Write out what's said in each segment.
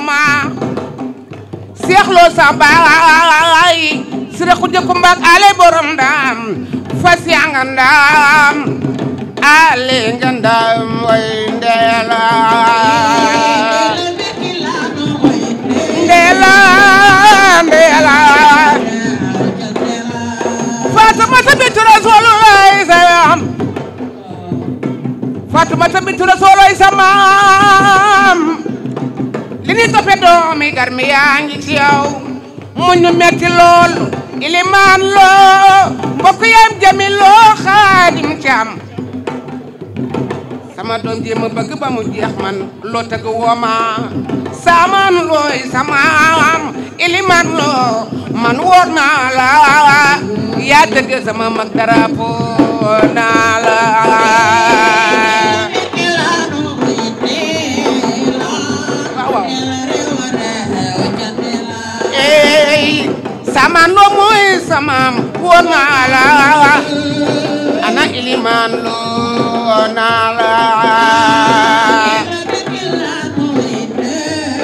ma seexloo samba ay sira xujje kumba ale borom ndam fas yaa nga ndam ale nga ndam way ndeela ndeela ndeela fatimata bintu rasulullahi salam fatimata bintu rasulullahi samam li ni toppe doomi garmi yaa ngi ci yow mu ilimaan loo mbokk yam jami loo xaadim caam sama doom ji ma ba mu jeex man loo tëgg wooma saamaan looy samaam ilimaan loo man woor naa la yaa dëgg sama mag dara naa la sama ndomoy sama woon naa la ana iliman loo naa la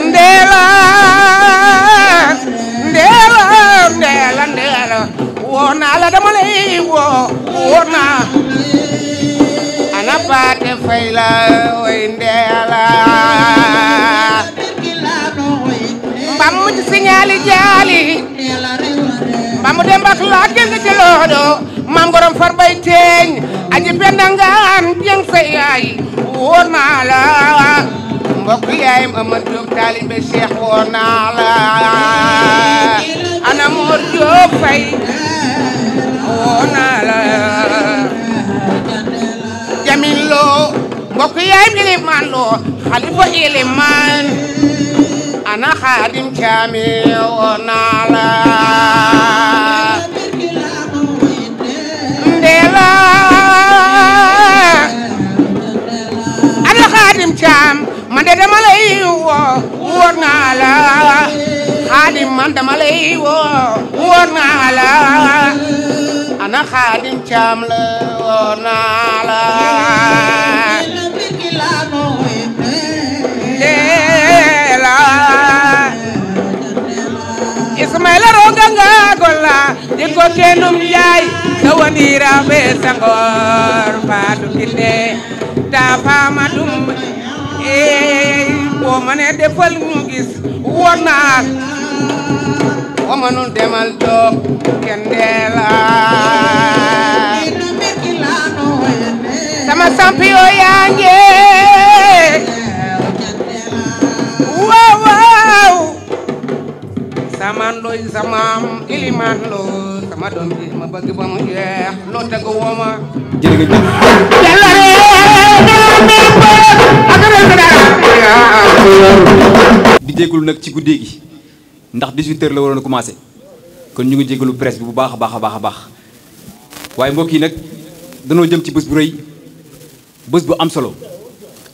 ndeela ndeela ndeela ndeela woon naa la dama lay woo woon naa ana paate fay la way ndeela jaali jaali mamu dem bak la gel ci loodo mam gorom far bay teeñ aji pendangaan jeng sa yaay woor naa la mbokk yaay Amar Diop taalibe Cheikh woor naa la ana Mor Diop fay woor naa la jamil loo mbokk yaay Eliman loo xalifa Eliman ana xaadim caamee o naala ndeela ana xaadim caam man de dama lay woo woo naa la xaadim man dama lay woo woo naa la ana xaadim caam la woo naa la golla dikko tenum jaay so woniraɓe sangor fatukinde ta fama ɗum e eh, bomane defal ñugis wonak omanum demal ɗo kendela sama sampiyo yangue Ndamaan looy samaam ilimaan lo sama doom bi ma bëgg ba mu jeex loo teg wooma. jërëjëf. yàlla de. di jégalu nak ci guddee gi ndax 18h la waroon commencé kon ñu ngi jégalu presse bi bu baax a baax baax a baax waaye mbokk yi nak danoo jëm ci bëss bu reuy bëss bu am solo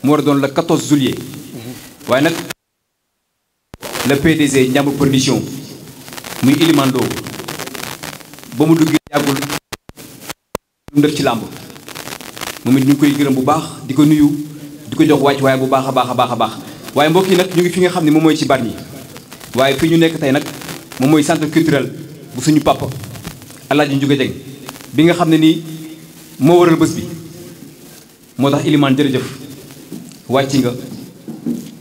mu war a le 14 juillet waye nak le PDG ñam Production muy ilimandoo ba mu duggee yàggul lu mu def ci làmb moom it ñu ngi koy gërëm bu baax di ko nuyu di ko jox wàcc waaye bu baax a baax a baax a baax waaye mbokk yi nag ñu ngi fi nga xam ne moom mooy ci Bargny waaye fii ñu nekk tey nag moom mooy centre culturel bu suñu papa Alaaji Njuga Jeng bi nga xam ne nii moo waral bés bi moo tax ilimaan jërëjëf wàcc nga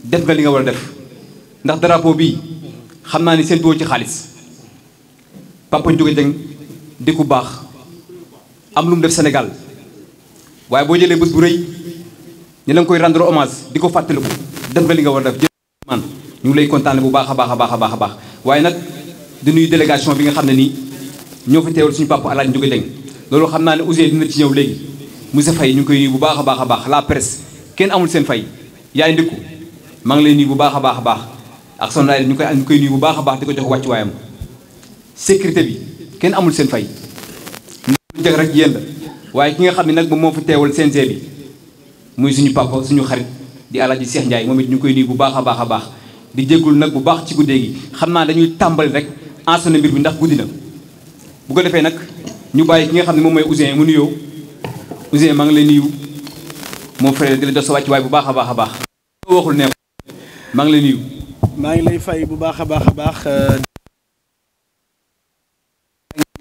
def nga li nga war a def ndax drapeau bii xam naa ni seen too ci xaalis Papa Ndiouga Dieng di ku baax am lu mu def Sénégal waaye boo jëlee bés bu rëy ñu la koy rendre hommage di ko fàttaliku def nga li nga war a def man ñu ngi lay kontaane bu baax a baax a baax a baax a baax waaye nag di nuyu délégation bi nga xam ne nii ñoo fi teewal suñu papa Alaaji Ndiouga Dieng loolu xam naa ne Ouzin dina ci ñëw léegi monsieur Faye ñu koy bu baax a baax a baax la presse kenn amul seen fay yaay ndikku maa ngi lay nuyu bu baax a baax a baax ak son ñu koy ñu koy nuyu bu baax a baax di ko jox wàccuwaayam sécurité bi kenn amul seen fay. ndax jag rek yéen la waaye ki nga xam ne nag moom moo fi teewal CNG bi muy suñu papa suñu xarit di Alaaji seex Ndiaye moom it ñu koy nuyu bu baax a baax a baax di jéggul nag bu baax ci guddee gi xam naa dañuy tàmbali rek enchaîner mbir bi ndax guddi na bu ko defee nag ñu bàyyi ki nga xam ne moom mooy Ouzin mu nuyoo Ouzin maa ngi lay nuyu mon frère di la jox sa wàccuwaay bu baax a baax a baax. waxul ne maa ngi lay maa ngi lay fay bu baax a baax a baax. Euh,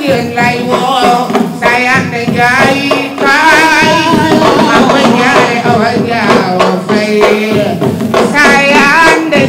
jigéen lay woo sa yande jaay kaay awa jaay awa jaawa fay sa yande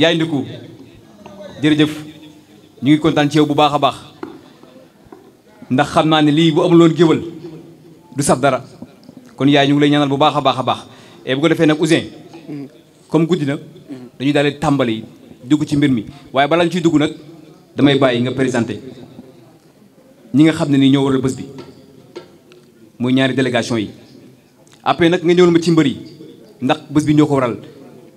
yaay ko jërëjëf ñu ngi kontaan ci bu baax a baax ndax xam naa ne lii bu amuloon géwal du saf dara kon yaay ñu ngi lay ñaanal bu baax a baax a baax et bu ko defee nag Ouzin comme guddi na dañuy daal tàmbali dugg ci mbir mi waaye balaa ñu ciy dugg nag damay bàyyi nga présenté ñi nga xam ne nii ñoo waral bés bi muy ñaari délégation yi après nag nga ñëwal ma ci mbër yi ndax bës bi ñoo ko waral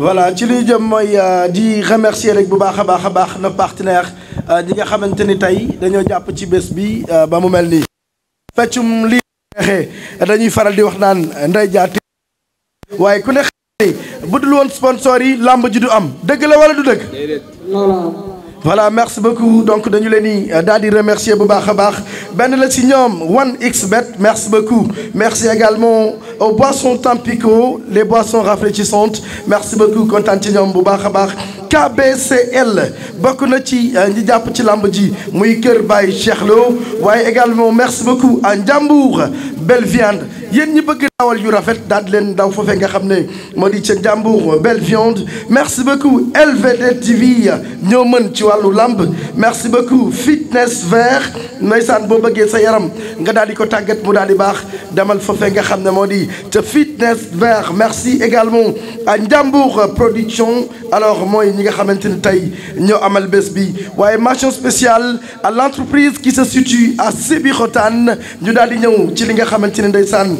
voilà ci liy jëm mooy euh, di remercier rek bu baax a baax a baax na partenaire di euh, nga xamante ni tey dañoo jàpp ci bés bi euh, ba mu mel ni feccum lii neexee dañuy faral di wax naan nday jaate waaye ku ne xam ne bu dul woon sponsor yi làmb ji du am dëgg la wala du dëgg. voilà merci beaucoup donc dañu leni euh, Dadi di remercier bu baax a baax 1xBet merci beaucoup merci également aux boissons Tampico les boissons rafraîchissantes merci beaucoup kontaan ci bu KBCL bokk na ci euh, ñi japp ci également merci beaucoup à Ndiambour belle viande yen ñi bëgg dawal yu rafet daal di leen daw foofee nga xam ne moo di ca belle viande merci beaucoup LVD TV ñoo mën ci wàllu lamb merci beaucoup fitness vert ndeysaan boo bëggee sa yaram nga daal di ko tàggat mu daal di baax demal foofee nga xam ne moo di ca fitness vert merci également à Ndiambour production alors mooy ñi nga xamante ni tey ñoo amal bés bi waaye mention spéciale à l'entreprise qui se situe à Sébikotane ñu daal di ñëw ci li nga xamante ni ndeysaan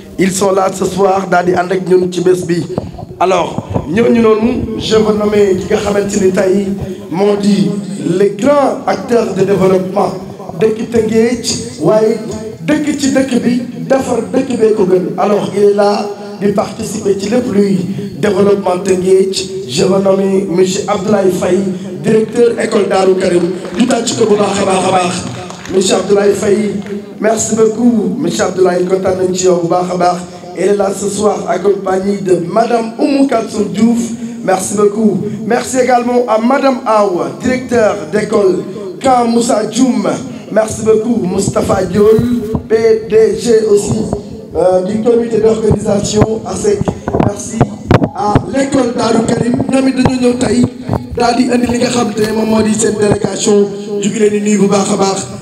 ils sont là ce soir daal di ànd ak ñun ci bés bi alors ñooñu noonu je veux nommer ki nga xamante ni tey les grands acteurs de développement de Tëngéej waaye dëkk ci dëkk bi defar dëkk bee ko gën alors il est là di participer ci lépp luy développement Tëngéej je veux nommer monsieur Abdoulaye Faye directeur école Darou Karim ñu tàcc ko bu baax a baax a baax monsieur Abdoulaye Faye merci beaucoup monsieur Abdoulaye kontaan elle est là ce soir accompagnée de madame Oumou Katsou Diouf merci beaucoup merci également à madame Awa directeur d'école Kam Moussa Dioum merci beaucoup Moustapha Diol PDG aussi euh, du comité d'organisation ASEC merci à l'école Darou Karim Nami it dañoo ñëw tey daal di cette délégation du Gréni di nuyu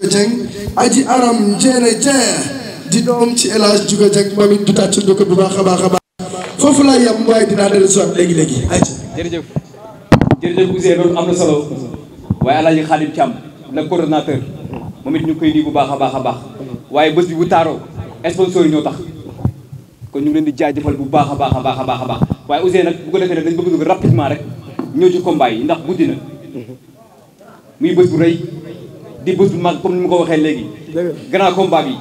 Dieng aji aram njeene jeex di doom ci El Hadj Diouf Dieng moom it du tàccandoo ko bu baax a baax a baax foofu laa yem waaye dinaa dellusiwaat léegi léegi. jërëjëf jërëjëf Ousseyn loolu am na solo waaye El Hadj Khadim Thiam le coordonnateur moom it ñu koy di bu baax a baax a baax waaye bés bi bu taaroo sponsor yi ñoo tax kon ñu ngi leen di jaajëfal bu baax a baax a baax a baax a baax waaye Ousseyn nag bu ko defee nag dañ bëgg dugg rapidement rek ñëw ci combat yi ndax guddi na muy bés bu rëy. di bés bu mag comme ni ma ko waxee léegi. grand combat bi.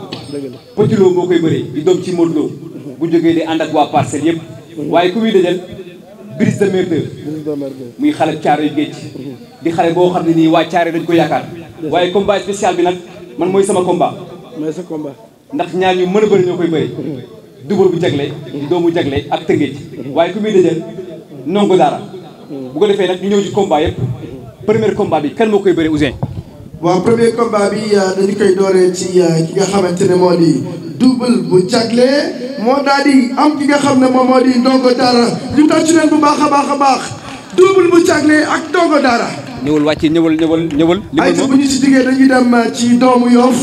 Petit Lo moo koy bëree di doom ci Modou bu jógee di ànd ak waa parcelle yëpp. Mhm. waaye ku muy dajal Brise de Mer 2 muy xale caaro yu géej mhm. di xale boo xam ne nii waa caaro dañ ko yaakaar. waaye combat spécial bi nag man mooy sama combat. mooy sa ndax ñaar ñu mën a bëri ñoo koy bëri. Mhm. dubal bu jagle. doomu jagle ak tëngeej. waaye ku muy dajal nongu daara. bu ko defee nag ñu ñëw ci combat yëpp. premier bi kan moo koy bëri Ouzin. waaw premier combat bi euh, dañu koy dooree ci euh, ki nga xamante ne moo di double bu jagle moo daal di am ki nga xam ne moom moo di ndongo dara ñu tàcc leen bu baax a baax a baax double bu jagle ak ndongo dara. ñëwul wàcc ñëwal ñëwal ñëwal. ay bu ñu si jigéen dañuy dem euh, ci doomu yoof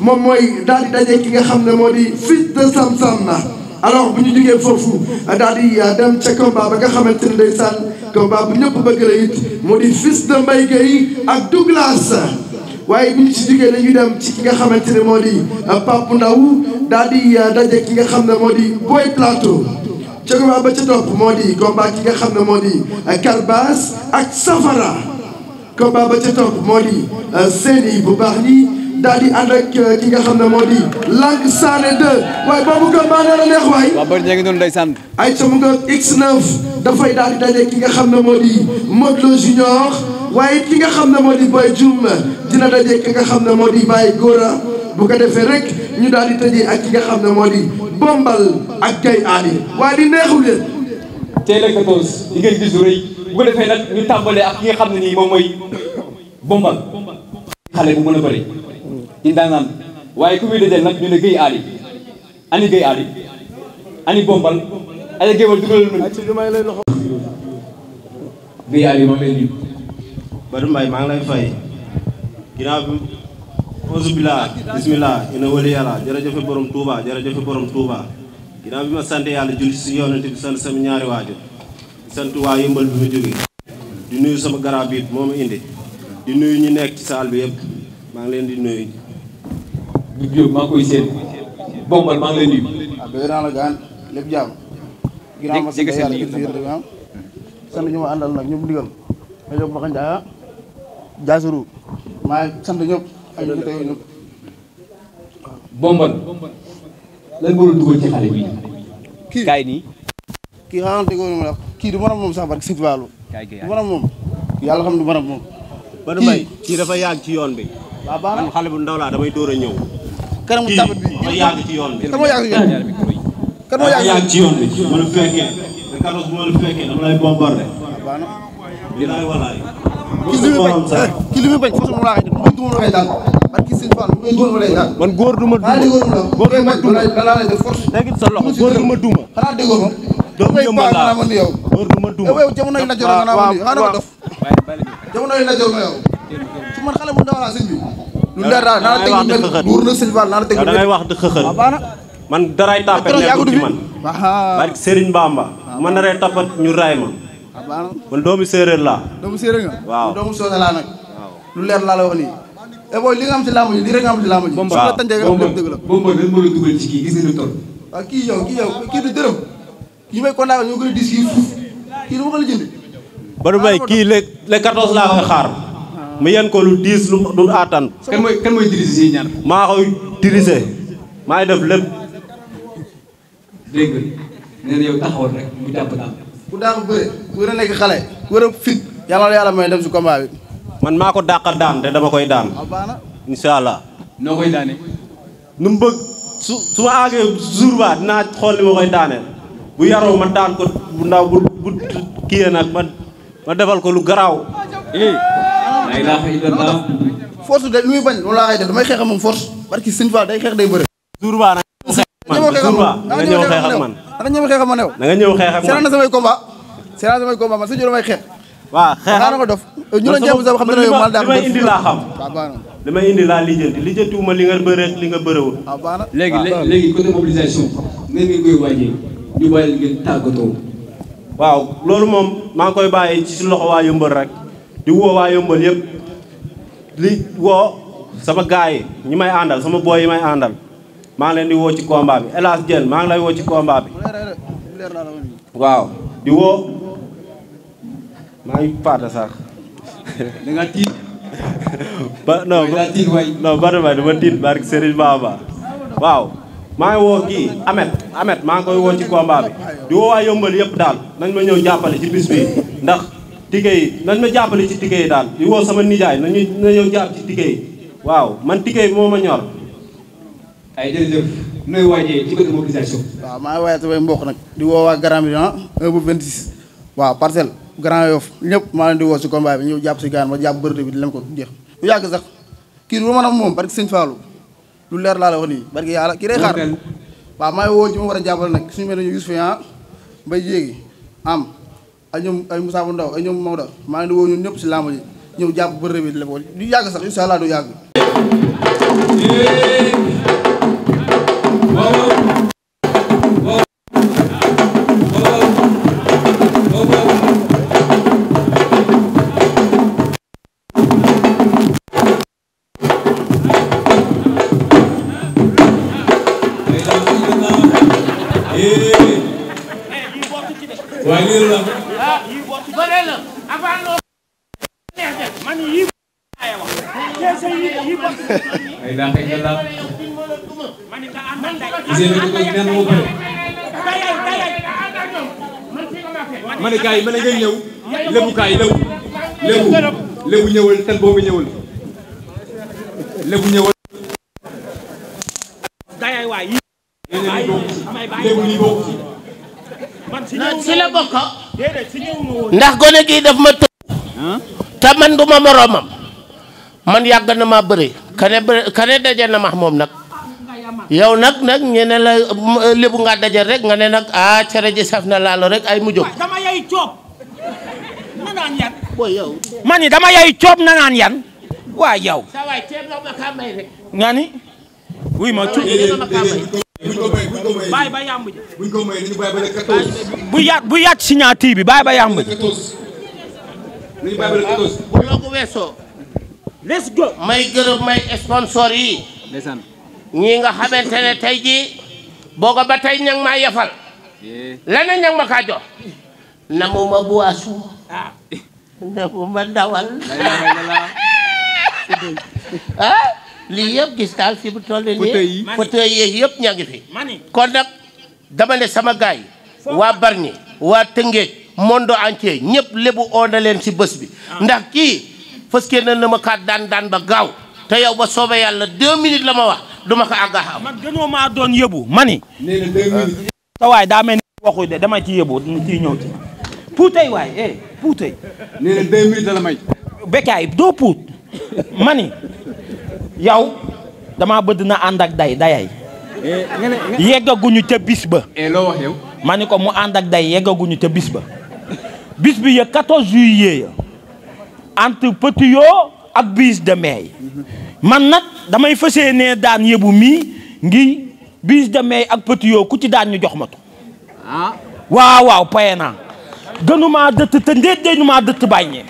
moom mooy daal di daje ki nga xam ne moo di fils de Sam Sam na alors bu ñu jugee foofu daal di dem ca combat ba nga xamante ne ndeysaan combat bu ñëpp bëgg la it moo di fils de Mbaye Gueye ak Douglas. waaye bi ñu si jógee dañuy dem ci ki nga xamante ne moo di euh, Pape Ndaw daal di euh, daje ki nga xam ne moo di Boy Plateau ca combat ba ca topp moo di combat ki nga xam ne moo di euh, Calebasse ak Safara combat ba ca topp moo di Séni bu baax nii daal di ànd ak euh, ki nga xam ne moo di Lank Sané 2 waaye boobu gën maa nee la neex waay. waaw bëri na ngi doon ndeysaan. ay sama nga X9 dafay daal di daje ki nga xam ne moo di Modou Lo Junior waaye ki nga xam ne moo di Boy Dioum dina daje ki nga xam ne moo di Baye Gora bu ko defee rek ñu daal di tëjee ak ki nga xam ne moo di Bombal ak Guèye Ali waaye di neexul leen. tey la 14 li ngeen gis lu rëy bu ko defee nag ñu tàmbalee ak ki nga xam ne nii moom mooy Bombal xale bu mën a bëri. di ndaanaan waaye ku muy dajal nag ñu ne Guèye Ali ani Guèye Ali ani bombal ay géwal dugal lay loxo Guèye lay nuyu Badou Mbaye maa ngi lay fay ginnaaw bi auzu billah bismillah ina wali yàlla jërëjëfe borom Touba jërëjëfe borom Touba ginnaaw bi ma sant yàlla julli si yonent bi sant sama ñaari waajur sant waa yëmbal bi ma jógee di nuyu sama garab bi moo indi di nuyu ñu nekk ci saal bi yëpp maa ngi leen di nuyu du jóg maa ngi koy seen bombal maa ngi lay nuyu. waaw ah, dëgg kii kaay nii. kii xamante ah, nga moom sax barke Sëñ Fallou. kaay moom. yàlla xam du mën a moom. ba du may kii dafa yàgg ci yoon bi. waaw baax na xale bu ndaw laa damay door a ñëw. kanamu tàmbat bi ma yàgg ci yoon bi. kan moo yàgg ci yoon bi kan moo yàgg ci yoon bi. ma la fekkee le 14 bu ma la fekkee dama lay li muy bañ foofu mu laaxee man du ma lay daal man kii Sëñ Fall man ma lay daal. man góor du ma duma góor du ma duma léegi sa loxo góor du ma duma. xanaa déggoo ma. doomu yëngu laa góor du ma duma. yow jamono yi la ma eh, nuyu lu leer daal naa la teg lu mel na sëñ naa teg lu mel da ngay wax di xëxër ah, man daraay ah, tàppet nekkul ci man barke Bamba ah, man naree tappat ñu raay ma man doomu séeréer laa doomu séeréer nga waaw doomu soose laa nag lu leer laa la wax nii et eh, booy li nga am ci làmb ji rek nga am ci làmb ji bomba la tànjee nga dëgg la bomba a dugal ci kii gis nga ni toll waaw kii yow kii yow kii may a kii suuf kii du laa koy xaar ma yen ko lu diis lu dul attan. kan mooy mooy maa koy def lépp. dégg nga yow bëre ku war a nekk xale ku war a fit yàlla na may dem si combat man maa ko dàqa daan te dama koy daan. Ah, incha allah. noo koy daane. nu mu su su ma aagee jour ba dinaa xool li ma koy daaneel bu yaroo ma daan ko ndaw bu kii nag ma ma defal ko lu garaaw. la ilaha illallah force de lu muy bañ loolu laa koy def damay xeex ak moom force barki sëñ Fall day xeex day bëre Zourba na a ñëw xeex ak man da a ñëw xeex ak man yow da nga ñëw xeex ak man a na samay combat seetaan na samay combat man suñu damay xeex waaw xeex a ko dof ñu la jëm sax xam na yow mal daal damay indi laa xam damay indi laa lijjanti lijjanti wu ma li nga bëre li nga bërewul ah, léegi léegi côté mobilisation ngeen ngi koy wàññi ñu bàyyi waaw loolu moom maa ngi koy bàyyi ci loxo waa yëmbal rek di wo wa yombal yëpp li wo sama gaay ñi may andal sama boy yi may andal ma ngi len di wo ci combat bi elas Hadj ma ngi lay wo ci combat bi waaw di wo may pata sax da nga no, ba no ba do may dama tiit barke Serigne Baba waaw maa ngi woo kii Amet Amet ma ngi koy wo ci combat bi di wo wa yombal yëpp dal nañ ma ñew jàppale ci bis bi ndax tike yi nañ ma jàppale ci tike yi daal di woo sama nijaay nañu na ñëw jàpp ci tike yi waaw man tike moo ma ñor. ay maa ngi waaye samay mbokk di woo waa Grand Médina heure bu 26 maa leen di woo si combat bi ñëw jàpp si gaan ma jàpp bërëb bi di leen ko bu yàgg sax kii a moom barki lu leer laa la wax nii barki yàlla kii day xaar war a jàppale nag suñu mel ne Youssouf Niang mbay jéegi am ay ñoom ay Moussa bu Ndaw ay ñoom Maodo maa ngi di woo ñun ñëpp si làmb ji ñëw jàpp ba rëbbi la bool yàgg sax incha allah du yàgg. Ousseynou da koy nen moo bëri. ma ne gars yi ma ne ngay ñëw lébu kaay lébu lébu lébu ñëwal tel boobu ñëwal lébu ñëwal. lébu lii bokk ci. si la bokk ndax gone gi daf ma tëb te man du ma moroomam man yàgg na maa bëri kane bëri kane daje na max moom nag yow nag nag ñu ne la euh, lébu nga dajal rek nga ne nag ah cere ji saf na laalo rek ay mu jóg. dama yay coob na yan. waa yow. nga ni. wuy ma tuuti. bu yàgg bu yàgg signature bi bàyyi ba ba le may gërëm may sponsor yi. ñii nga xamante ne tey jii booga ba tey ñang maa yefal leneen ñang ma kaa jox namuma buwaasu namuma ndawal ah, lii yëpp gis daal fi bu toll nii fauteuil yi yëpp ña ngi fi kon nag dama ne sama gars yi waa Bargny waa Tëngéej monde entier ñëpp lébu oo na leen si bës bi ah. ndax kii fëskee na na ma kaa daan daan ba gaaw te yow ba soobee yàlla deux minutes la ma wax du ma ko àggaa am. man gënoo maa doon yëbu ma ni. nee na deux waay daa mel ni waxu de dama ci yëbu ci ñëw ci. puutay waay eh puutay. doo puut ma ni yow damaa bëgg na ànd ak day dayay. yeggaguñu ca bis ba. Eh, loo wax ni ko mu ànd ak day yeggaguñu ca bis ba. bis bi ya 14 juillet ya entre Petit Yo ak Bise de Mai. man nag damay fas yéenee daan yëbu mii ngi bis demee ak petit ku ci daan ñu jox ma tu ah waaw waaw paye naa gënumaa dëtt te ndéet denumaa dëtt bàññee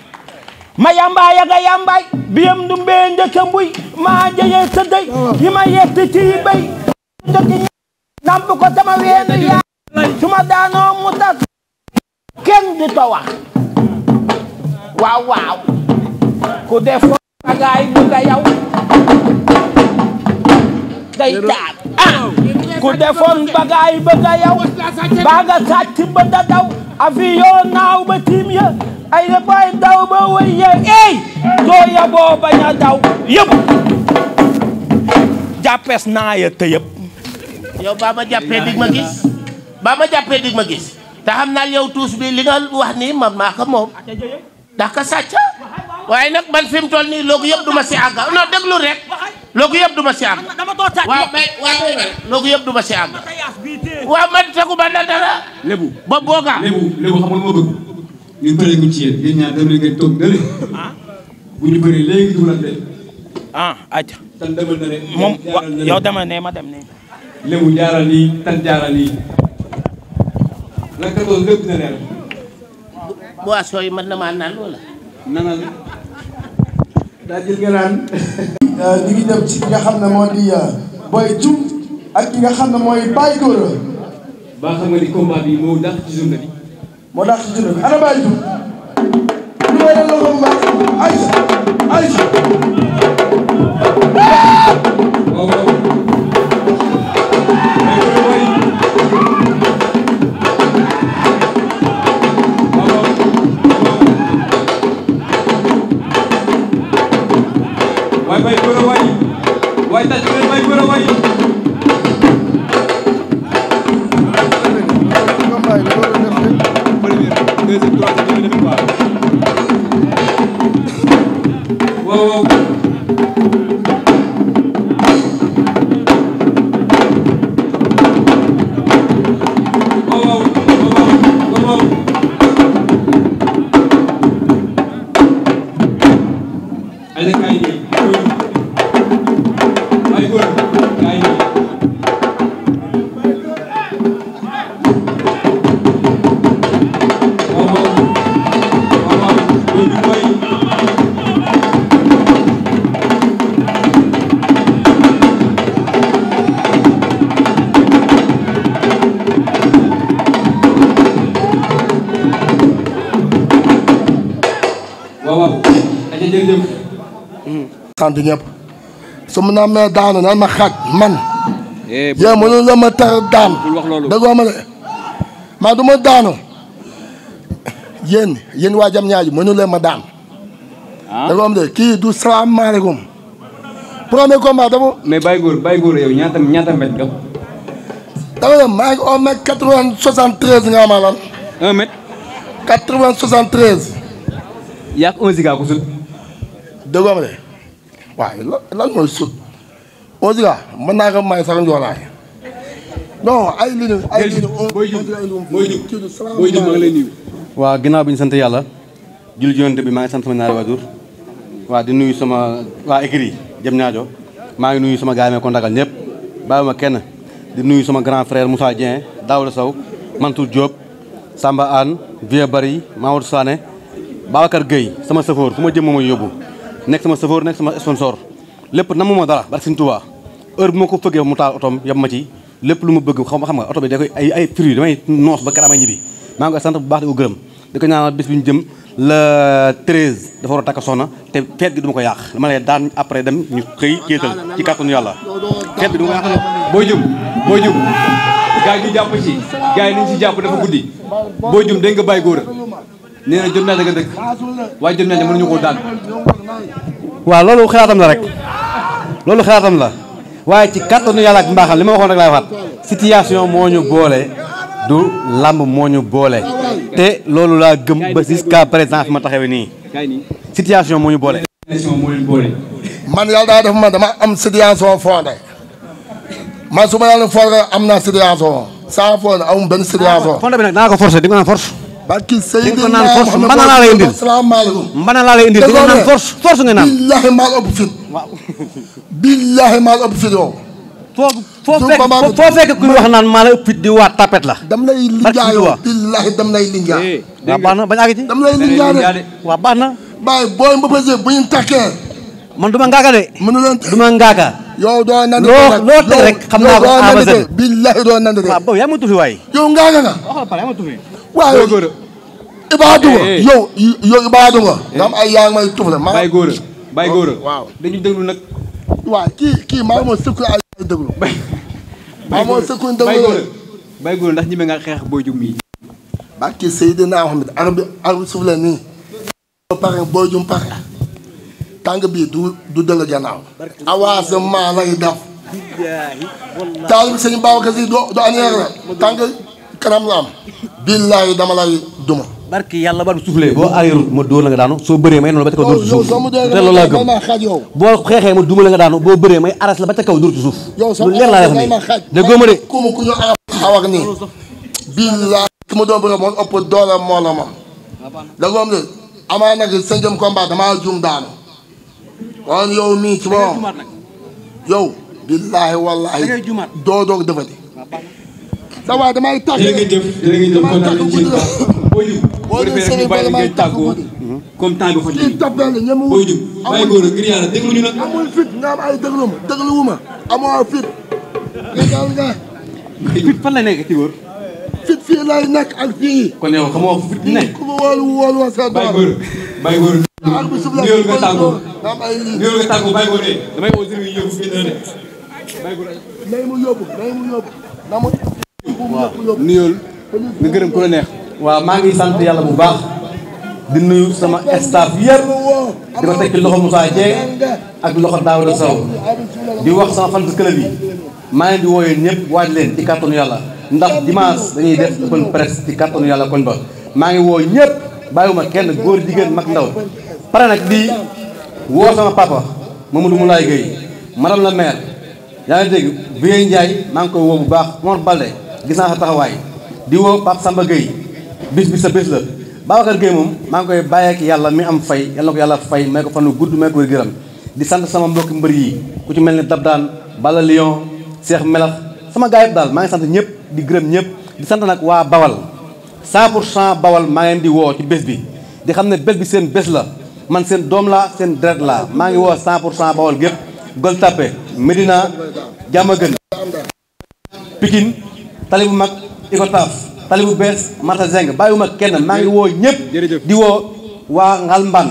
ma yambaa yaga yambaay biyam du mbee njëkka mbuy maa jëyee sa yi ma yett ci bay ndëkki namp ko sama weenu yaay su ma daanoo mu tas kenn du ta waaw waaw ku def ko sagaay bu nga yow day taal ah ku defoon bagaay bëgg a yow baa nga sàcc ba da daw avion naaw ba tiim ya ay da daw ba wëy ya ey doo yaboo bañ a daw yëpp jàppees naa ya te yëpp baa ma jàppee dig ma gis baa ma jàppee dig ma gis te xam naa yow tuus bi li nga wax ni ma maa ko moom ndax ka sàcc waaye nag man fi mu toll nii loogu yëpp du ma si àgg non déglu rek loogu yëpp du ma si àgg waaw may waaw may ma loogu yëpp du ma si àgg waaw man tegu ma na dara lébu ba boogaa lébu lébu xam nga ma bëgg ñu bëree ko ci yéen yéen ñaar dem ngeen toog dële ah. bu ñu bëree léegi dugal de ah aja tan demal na rek moom yow demal ne ma dem ne lébu jaaral nii tan jaaral nii la 14 lépp na leer boisson yi mën na maa naan wala. nanal daa jël nga naan. Euh, ñu ngi dem ci ki nga xam ne moo di euh, Boy Diouf ak ki nga xam ne mooy Baye Gora. baa xam nga ni combat bi moo dàq ci journée bi. moo dàq ci journée bi ana Baye Diouf. ñu ngi lay delloo ko bu baax ayca ayca. tante ñëpp su na me daanu na ma xaaj man. mo mënul la ma tar daan. go ma ma maa du ma daanu yen yen wa jam ñaaju mënul le ma daan. dëggoo ma de ki du salam premier combat ko ma Baye me bay gor bay gor yow mbët nga. met ga maa ngi ma mètre quatre vingt nga ma lan. 1 met 93 yak 11 ga yaa ngi un ma de. waaye lan mën naa ko may sax njoolaay ginnaaw bi ñu sant yàlla julli jonante bi maa ngi sant sama ñaari waajur waaw di nuyu sama waa écrit jëm ñaajo maa ngi nuyu sama gaay mee ko ndagal ñëpp bàyyi ma kenn di nuyu sama grand frère Moussa Dieng Daouda Sow Mantour Diop Samba Anne Vieux Bari Maodo Sané Babacar Gueye sama sëfoor fu ma jëm moom yóbbu nek sama chauffeur nek sama sponsor lepp namu ma dara barke Sëñ Tuubaa heure bu ma ko fëggee mu taal otoom yam ma ci lepp lu ma bëgg xam xam nga auto bi da koy ay ay prix damay noos ba karama ñibi ma nga sante bu baax di ko gërëm ko ñaanal bis buñu jëm le 13 dafa war a takk soxna te fete gi duma ko yaax dama lay daan après dem ñu xey kéetal ci kàttanu yàlla feet bi du ma ko yàq booy jum ñu ci gaay yi ci japp dafa guddii booy jëm de nga bay goor a jëm na da nga dëkk waaye jom naa mënuñu daan waaw loolu xalaatam la rek loolu xalaatam la waaye ci kàttanu yàlla ak mbaaxam li ma waxoon rek laay waxaat situation moo ñu boole du làmb moo ñu boole. te loolu laa gëm ba jusqu'à présent fi ma taxawee nii situation moo ñu boole. man yàlla daa def ma dama am situation fondé man su ma yàlla fondé am naa situation sans fondé amul benn situation. Ah, fondé bi nag naa ko forcé di nga naan force. barki Seydina Mohamed mbana laa lay indil mbana laa lay indil di nga naan force force nga naan. billahi maa la ëpp fit. waaw billahi maa la ëpp fit yow. foo foo fekk kuy wax naan maa la ëpp fit di waat tapet la. dam lay linjaayoo billahi dam lay linjaa. Eh, waaw baax na bañ a àgg ci. dam lay linjaa de waaw baax na. bàyyi booy Mbappé bu ñu takkee. man du ma ngaaga de. mënuloon du ma ngaaga. yow doo nand loo loo teg rek naa ko aaba sën. billahi doo nand de. waaw boobu tufi waay. yow ngaaga nga. waxal pare tufi. waaw eh, eh. yow ibaadu nga. yow yow ibaadu la. bay góor a bay góor a. Oh, waaw dañuy déglu nag. waaw kii kii maa ma sëkku ay bay bay ndax ñeme nga xeex booy jum yi. barke Seydina Ahmed arab bi arab suuf la pare. tàng bii du du dëng gannaaw avancement lay def taal bi sëñ Babacar Si du aneer la tàng kanam la am billaahi dama lay duma barki yàlla ba suuflee boo aayul ma dóor la nga daanu soo bëree ma duma la nga ba ca kaw dóor ci suuf lu leer laa def nii de góoma de ku mu ku ñu xaw ak nii billaahi ki ma doon bëre moom ëpp doole moo la ma da góom de amaa nag sëñ jëm combat damaa jum daanu kon yow mii ci boppam yow. billaahi wallaahi doo doog defati. ça ah, va damay tàggu jërëjëf jërëjëf kontaan nañu ci booy jub boo defee rek bàyyi ngay tàggoo comme temps bi xoj na booy jub bàyyi góor ngir yàlla déglu ñu nag. amul fit nga am ay déglu ma dégluwuma amoo fit. fit fan la nekk ci wër. fit fii laay nekk ak fii. kon yow xamoo fu fit nekk. ku ma wóolu wóolu ma sa doom. bay góor bay góor nuyoo nga tàggoo nuyoo nga tàggoo bay góor de damay woo sëriñ yi yóbbu génn de bay góor nay mu yóbbu nay mu yóbbu na mu waaw nuyool nga gërëm ku la neex waaw maa ngi sant yàlla bu baax di nuyu sama staff yëpp di ma tekki loxo Moussa Dieng ak loxo Daouda Sow di wax sama fan club yi maa ngi di wooyee ñëpp waaj leen ci kàttanu yàlla ndax dimanche dañuy def bon presse ci carton yalla kon ba ma ngi wo ñepp bayuma kenn goor digeen mak ndaw paré nak di wo sama papa Mamadou moulay Gueye madame la maire yaa ngi dégg ye ndjay ma ngi ko wo bu baax Mor Balde gis na taxaway di wo pap Samba Gueye bis bis sa bis la Babacar Gueye mom ma ngi koy ak yalla mi am fay yalla ko yalla fay may ko fan gudd may ko gëram di sante sama mbokk mbeur yi ku ci melni dabdan bala Lion Cheikh Melax sama gars dal, ma ngi sante ñepp di gërëm ñëpp di sant nag waa Bawal 100 pour cent Bawal maa ngeen di woo ci bés bi di xam ne bés bi seen bés la man seen doom laa seen deret laa maa ngi woo 100 pour cent Bawal gépp Gueule Tapée Médina Diamaguène Pikine tali bu mag Icotaf tali bu bees Marché Zinc bàyyiwuma kenn maa ngi woo ñëpp di woo waa Ngalmbaan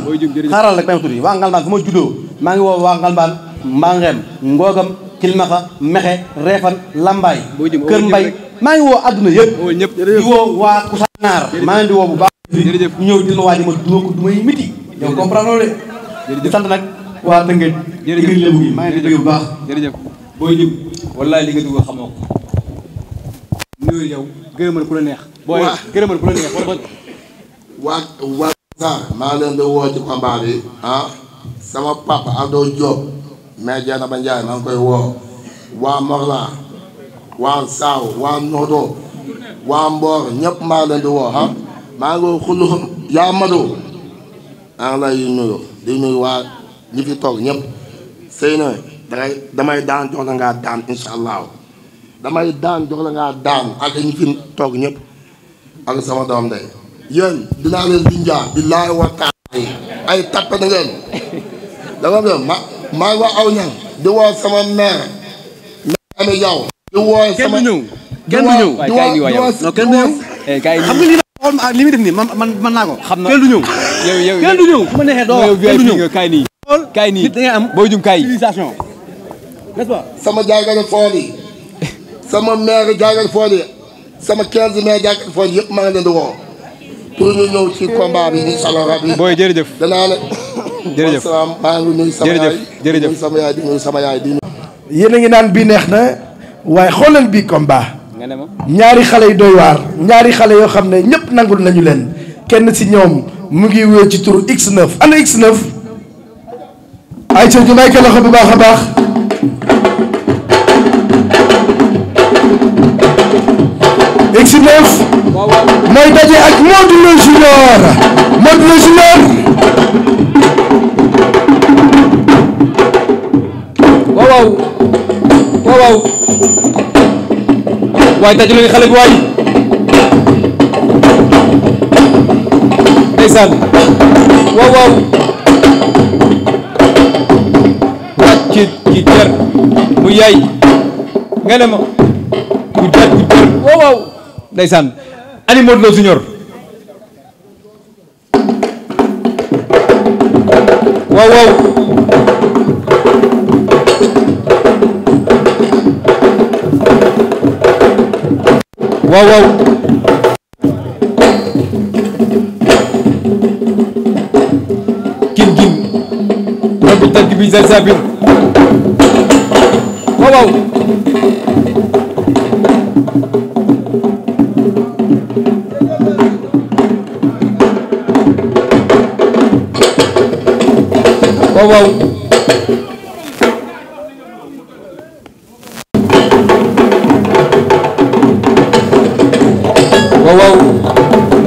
xaaral rek may tudd waa Ngalmbaan fu ma juddoo maa ngi woo waa Ngalmbaan Mbangeem Ngoogam Kilmaxa Mexe Reefan Lambaay Kër Mbay maa ngi woo àdduna yëpp di woo waa Kousanaar maa ngi di woo bu baax ñu ñëw dina waa ji ma duma ko dumay miti yow comprendre loolu de di sant nag waa Tëngéej jërëjëf lébu yi maa di dégg maa leen di ah. sama papa Ado Diop mais koy woo waa Morla waa saaw waa noodoo waa mboor ñëpp maa leen di woo ah maa ngi xulluxum yaa madoo maa ngi lay nuyu di nuyu waa ñi toog ñëpp sëy na damay daan jox la ngaa daan incha allahu damay daan jox la ngaa daan ak ñi toog ñëpp ak sama doom day yéen dinaa leen di billaahi wa ay tappe na ngeen dama maa ngi wax aw ñan di woo sama mère mère ame yow di woo sama kenn du ñëw. kenn du ñëw waaye kaay bi waa kenn du ñëw. kaay eh, ma xool li man man naa ko. xam na kenn du ñëw. yow yow kenn du ñëw. bu ma neexee doo kenn du ñëw yow da am booy jum kaay. civilisation n'est-ce sama jaagale fool yi sama maire jaagale fool yi sama 15 maire jaagale fool yi maa ngi leen di woo pour ñu ñëw ci combat bi incha allah rabi. booy jërëjëf danaa la. jërëjëf maa ngi nuyu sama a ngi naan bii neex na waaye xoolal bii combat ñaari xale yu doy waar ñaari xale yoo xam ne ñëpp nangul nañu leen kenn ci ñoom mu ngi wéy ci turu X9 ana X9. ay ca ñu may ko loxo bu baax a baax. X9 mooy daje ak Modou Junior Modou Junior. waaw waaw waaye daj nañu xale bi waay ndeysaan waaw waaw wàcc ci jar mu yaay nga ne ma waaw waaw ndeysaan Aliou Modou Lo Junior waaw waaw waaw waaw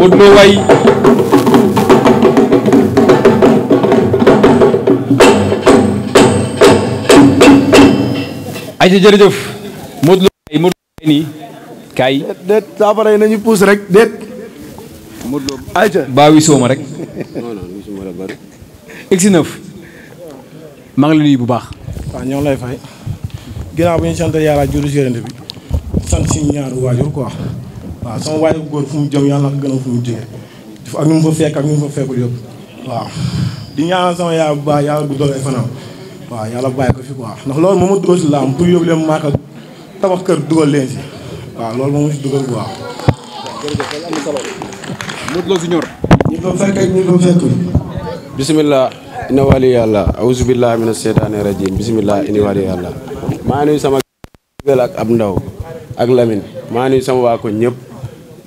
Modou Lo way ay ci jërëjëf Modou Lo way Modou Lo nii kaay déet saafara yi nañu puus rek déet ay rek X9 maa ngi la nuyu bu baax waaw ñoo lay fay ginnaaw bu ñu sant yàlla juru bi ñaaru quoi waaw sama waaye góor fu mu jëm yàlla na ko gënal fu mu jógee ak ñu mu fa fekk ak ñu mu fa fekkul yëpp waaw di ñaanal sama yaay bu bàyyi ko fi quoi ndax loolu moom ma dugal si laam pour yóbbu leen maaka tabax kër dugal leen si waaw loolu moom ma si dugal bu baax. Modou Lo yàlla awuzu billahi mina seytaani rajim bisimilah inna wali yàlla maa nuyu sama ak ko ñëpp.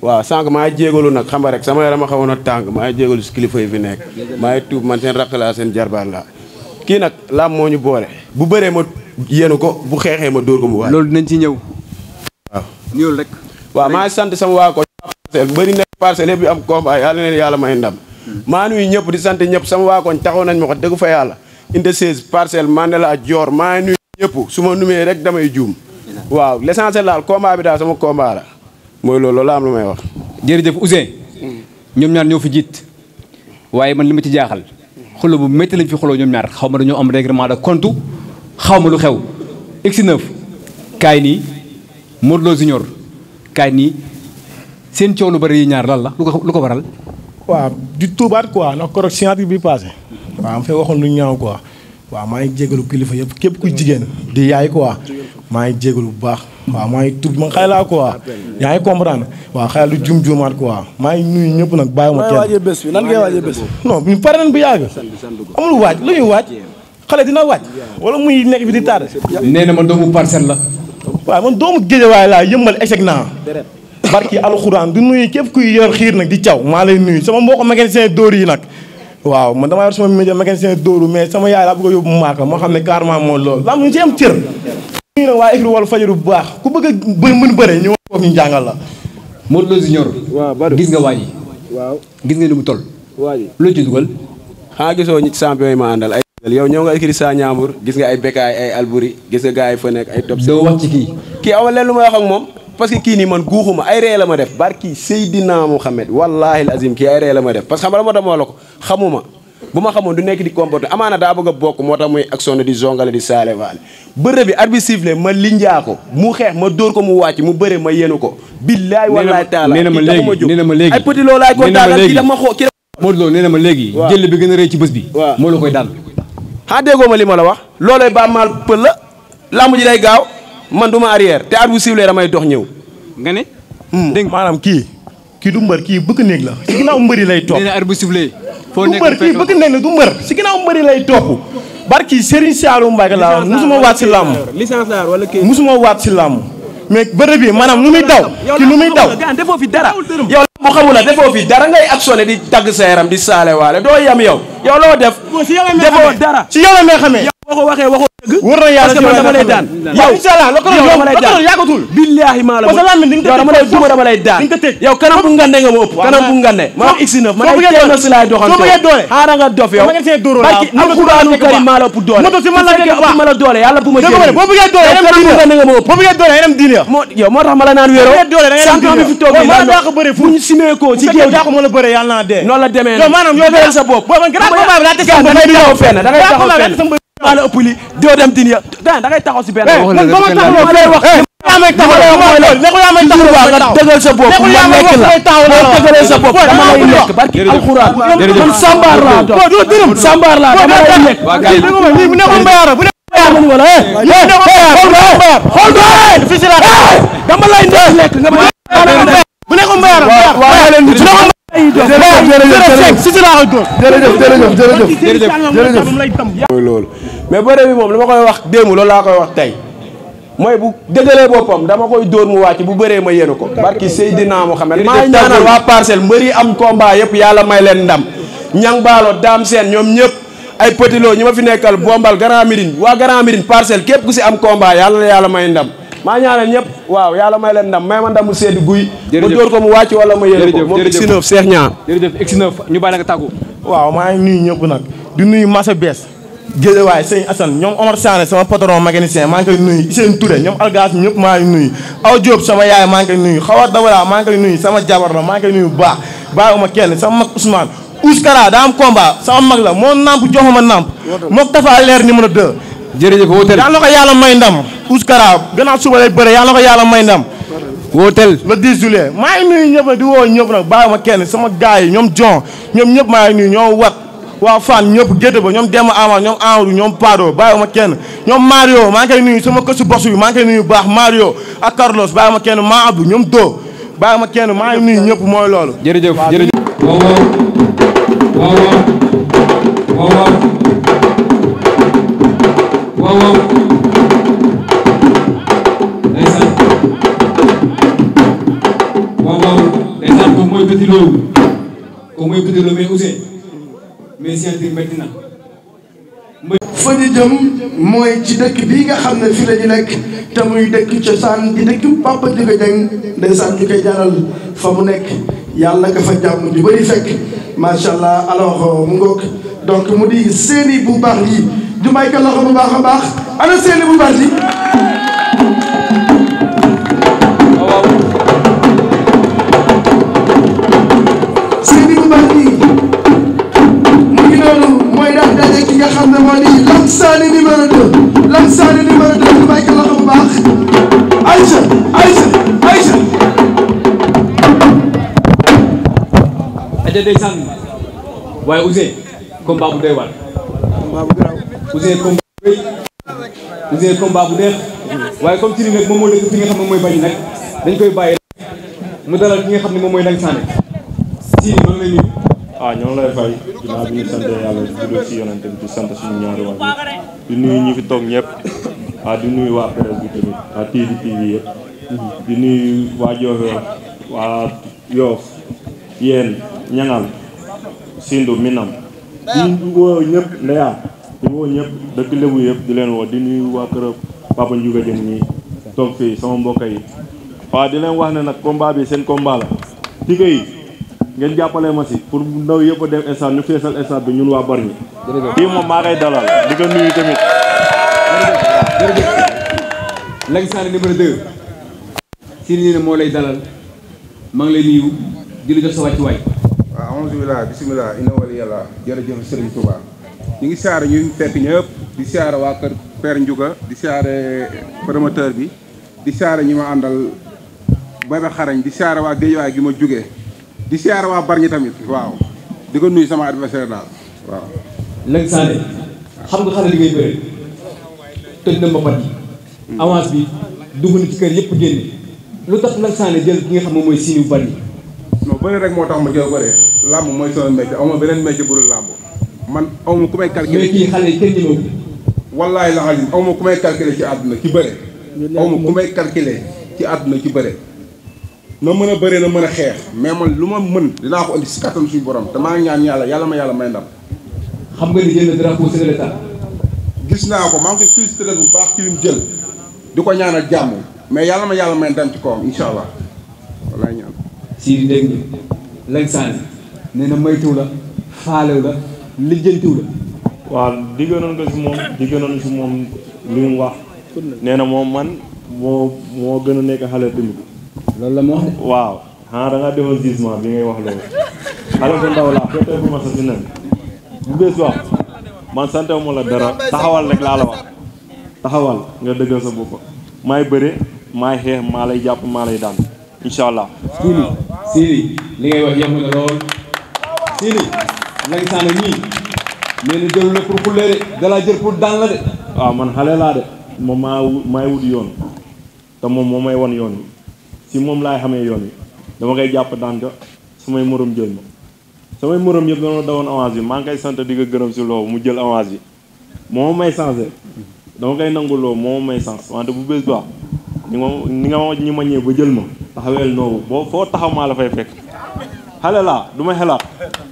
waaw sànq maa jéegalu nag xam nga rek sama yaram a xawoon na tàng maa jéegalu si kilifa yi fi nekk maa ngi tuub man seen rakk laa seen jarbaar kii nag laam ñu boole bu bëree ma yéenu ko bu xeexee ma dóor ko dinañ ci ñëw waaw ñëw rek waaw maa sant sama waa ko bëri nekk parcelle bi am combat yàlla leen yàlla may ndam maa nuyu ñëpp di sant ñëpp sama waa koñ taxaw nañ ma ko degu fa yàlla inde 16 parcelle Mandela ak Dior maa ngi nuyu ñëpp su ma numee rek damay juum waaw l'essentiel daal combat bi daal sama combat la moy lolo la am lumay wax jeri def Ouzin. ñom ñaar ñofu jitt waye man limi ci jaaxal. xuloo bu métti lañ fi xolo ñom ñaar xawma dañu am règlement de compte xawma lu xew. X9 kay ni modlo Junior kay ni seen coow lu bari yi ñaar lan la lu ko waral. wa du tuubaat quoi la correction bi passé. wa am fe waxon lu ñaaw quoi. wa maa ngi jégalu kilifa yëpp képp ku jigen di yaay quoi. maa ngi jégalu bu baax. waaw maa ngi tuub man xay laa quoi. yaa ngi comprendre waaw xayal du jum juumaat quoi maa ngi nuyu ñëpp nag bàyyi ma kenn. maa ngi waajee bés bi nan ngay waajee bés bi. non bu yàgg. amul waaj lu ñuy dina waaj. wala muy nekk bi di tardé. ma doomu parcelle la. waaw man doomu géejawaay laa yëmbal échec naa. barki alxuraan du nuyu képp kuy yor xiir nag di caw maa lay nuyu sama mbokk mécanicien dóor yi nag. waaw man damaa yor sama mécanicien dóoru mais sama yaay laa bëgg a yóbbu maaka moo xam ne carrément moo loolu lam ñu ci cër na waa écrit wàllu fajaru bu baax ku bëgg a bë mën bëre ñu foofu ñu la Modou Lo Junior waaw gis nga waaji waaw gis nga ni mu toll waaji loo ci dugal xanaa gisoo ñi champion yi ma àndal ay yow ñëw nga écrit sa ñaambur gis nga ay Bécaye ay Albouri gis nga gars yi fa nekk ay top doo wax ci kii kii amal leen lu may wax moom parce que kii nii man guuxuma ay ree la ma def barki Seydina Mouhamed wallaahi al azim kii ay ree la ma def parce que xam nga la ma dama la ko xamuma bu ma xamoon du nekk di comporté amaana daa bëgg a bokk moo tax muy action di zongale di saale waale bëre bi arbitre sifflé ma linjaa ko mu xeex ma dóor ko mu wàcc mu bëre ma yenu ko billaay wallaay taala nee na ma léegi nee na ma léegi ay petit loolu laay ko taagal kii dama xoo kii ma léegi jël bi gën a rëy ci bés bi waaw moo la koy daan xaa déggoo ma li ma la wax loolooy ba maal pël la làmb ji day gaaw man du ma arrière te arbitre damay dox ñëw nga ne hmm. maanaam kii kii du mbër kii bëgg néeg la ci mbëri lay toog nee na arbitre foo nekk du mbër kii bëgg nañ la du mbër si a mbëri lay topp. barki Serigne Saliou Mbacké laa musuma waat si làmb. licence la wala kii musuma waat si làmb. mais bërëb bi maanaam nu muy daw. ki nu muy daw defoo fi dara. yow defoo fi dara ngay actionné di tagg sa yaram di saale waale doo yam yow. yow loo def. defoo dara si yow la may xamee. boo ko waxee waxoo dëgg. wër na yàlla parce que man dama lay daan. la ko doon yow la ko dama lay duma daan. yow kanam bu ngande nga ma ëpp. kanam bu ngande. ma x ma ay teel na si laay doxantoo. xaaral nga dof yow. maa la ëpp doole. su fekkee ma la doole yàlla bu ma jëlee. yow kanam bu ngande nga ma ëpp. yow moo tax ma la naan wéeroo. sànq mi fi toog nii lan la bu ñu simee ko ci géew noonu demee nag. yow sa bopp. da ngay taxaw fenn da ngay taxaw maa la ëpp lii doo dem din ya da ngay taxaw si benn man ba ma taxaw lay wax yaa may taxaw nga dëgal sa bopp ma nekk la boo dëgalee sa bopp dama lay lekk barki alxuraan man sambaar laa doon sambaar laa dama lay lekk bu nekkoon mbayaara bu nekkoon wala xool doole fi si la dama lay lekk nga bu nekkoon mbayaara mooy loolu mais bëre bi moom li ma koy wax démb loolu laa koy wax tey mooy bu dëgalee boppam dama koy dóor mu wàcc bu bëree ma yéene ko barki Seydina Muhammad maa ngi ñaanal waa parcelle mbëri am combat yëpp yàlla may leen ndam ñang baalo daam seen ñoom ñëpp ay petit lo ñi ma fi nekkal bombal Grand Médine waa Grand Médine parcelle képp ku si am combat yàlla la yàlla may ndam maa ñaanal ñëpp waaw yàlla may leen ndam may ma ndamu seedi guy ma dóor ko mu wàcc wala ma yëre ko moom X9 Cheikh Niang jërëjëf x ñu bàyyi la nga waaw maa ngi nuyu ñëpp nag di nuyu Massa Bees Géej waaye sëñ Assane ñoom Omar Sané sama patron mécanicien maa ngi koy nuyu seen Touré ñoom algaas ñëpp maa ngi nuyu aw Diop sama yaay maa ngi koy nuyu xawaat dawalaa maa ngi nuyu sama jabar la maa ngi koy nuyu bu baax bàyyiwuma kenn sama mag Ousmane Ouskara daa am combat sama mag la moo nàmp joxuma nàmp mook tafa leer numéro 2 jërëjëf hôtel yàlla na ko yàlla may ndam Ouskara gannaaw suba lay bëre yàlla na ko yàlla may ndam hôtel le 10 juillet maa ngi nuyu ñëpp di woo ñëpp nag bàyyi ma kenn sama gars yi ñoom jon ñoom ñëpp maa ngi nuyu ñoom wat waa Fann ñëpp gétt ba ñoom Demba Ama ñoom Amadou ñoom Pado bàyyi ma kenn ñoom Mario maa ngi koy nuyu sama kësu bosu bi maa ngi koy nuyu baax Mario ak Carlos bàyyi ma kenn maa Abdou ñoom Do bàyyi ma kenn maa ngi nuyu ñëpp mooy loolu jërëjëf jërëjëf waaw waaw waaw waaw loolu ko mooy bëgg la mais Ousseyn mais scientifique jëm mooy ci dëkk bii nga xam ne fi la nekk te muy dëkk cosaan di dëkk Papa Jóga Jeng ndeysaan ñu koy jaral fa mu nekk yàlla nga fa jàmm ñu bëri fekk macha allah alors mu ngoog donc mu di seeni bu baax yi ñu may ko loxo ana seeni bu baax yi seeni bu mooy daan daje ki nga xam ne moo di Lansane numéro 2 Lansane numéro 2 ñu may ko loxo bu baax Aïcha Aïcha Aïcha aja bu dee combat bu waaye comme ci ni nag moom dañ koy bàyyi mu dalal ki nga xam ne moom mooy la ñu ah ñoo lay fay sant yàlla judó sant suñu ñaari wax di nuyu ñi fi toog ñëpp ah di nuy waa presse bi tamit waa TV TV yëpp di nuyu waa Diofior waa Yoff yéen ñangal sindu minam di woo ñëpp ndeyaa di woo ñëpp dëkk lébu yëpp di leen woo di nuyu waa kër papa bokai. Dieng ñi toog fii sama mbokk yi di leen wax ne nag combat bi seen combat la tike yi ngeen jàppale ma si pour ndaw yëpp dem stade ñu feesal bi ñun dalal di ko nuyu tamit jërëjëf Lac Sané numéro 2 ne lay dalal maa ngi lay nuyu di la jox sa wàccuwaay waaw alhamdulilah bisimilah ina wali yàlla jërëjëf Serigne Touba ñu ngi siyaare ñu fekk ñëpp di siyaare waa kër Père Ndiouga di siyaare promoteur bi di siyaare ñu ma àndal Bébé Xarañ di saare waa Géejawaay gi ma jugee di siyaare waa Bargny tamit waaw di ko nuyu sama adversaire daal waaw. Leng xam nga xale li ngay bëri tëj na mbapat yi. Hmm. avance bi dugg na ci kër yëpp génn lu tax Leng Sané jël ki nga xam ne mooy Siniou Bargny. non bëri rek moo tax ma jël bëri làmb mooy sama métier aw ma beneen métier bu dul làmb. man aw ma ku may calculé. yi kenn ñëwul. wallaahi ma ku ci àdduna ci bëre. aw ma ku may calculé ci àdduna ci bëre. na mën a bëre na mën a xeex mais man lu ma mën dinaa ko indi si kattan borom te maa ñaan yàlla yàlla ma yàlla may ndam. xam nga ni jël gis naa ko maa ngi koy félicité bu baax ci mu jël di ko ñaanal jàmm mais yàlla ma yàlla may ndam ci kawam incha allah walaay ñaan. Sidi dégg nga Leng Sane nee na moytu la faalew la. lijjantiw la waaw digganoon ko si moom digganoon si moom li mu wax nee na moom man moo moo gën a nekk xale tamit loolu la ma wax waaw ah da ngaa demoon gisement bi ngay wax loolu xale bu ndaw laa fekk bu ma sa si nen bu bees wax man sante ma la dara taxawal rek laa la wax taxawal nga dëggal sa bopp may bëre may xeex maa lay jàpp maa lay daan insha allah sili siili li ngay wax yem na lool sili Ndeye Sane ñii nee na la pour xullee de dalaa jël pour daan la de waaw ah, man xale laa de moom maa maay wut yoon te moom moo may wan yoon yi si moom laay xamee yoon yi dama koy jàpp daan ko samay morom jël ma samay morom yëpp dañoo dawoon avance bi maa ngi koy sant di ko gërëm si loolu mu jël avance bi moo may changé dama koy nangu loolu moo may changé wante bu bés baax ni nga ma ñi ma ñëw ba jël ma taxaweel noobu boo foo taxaw maa la fay fekk halala laa du may xalaat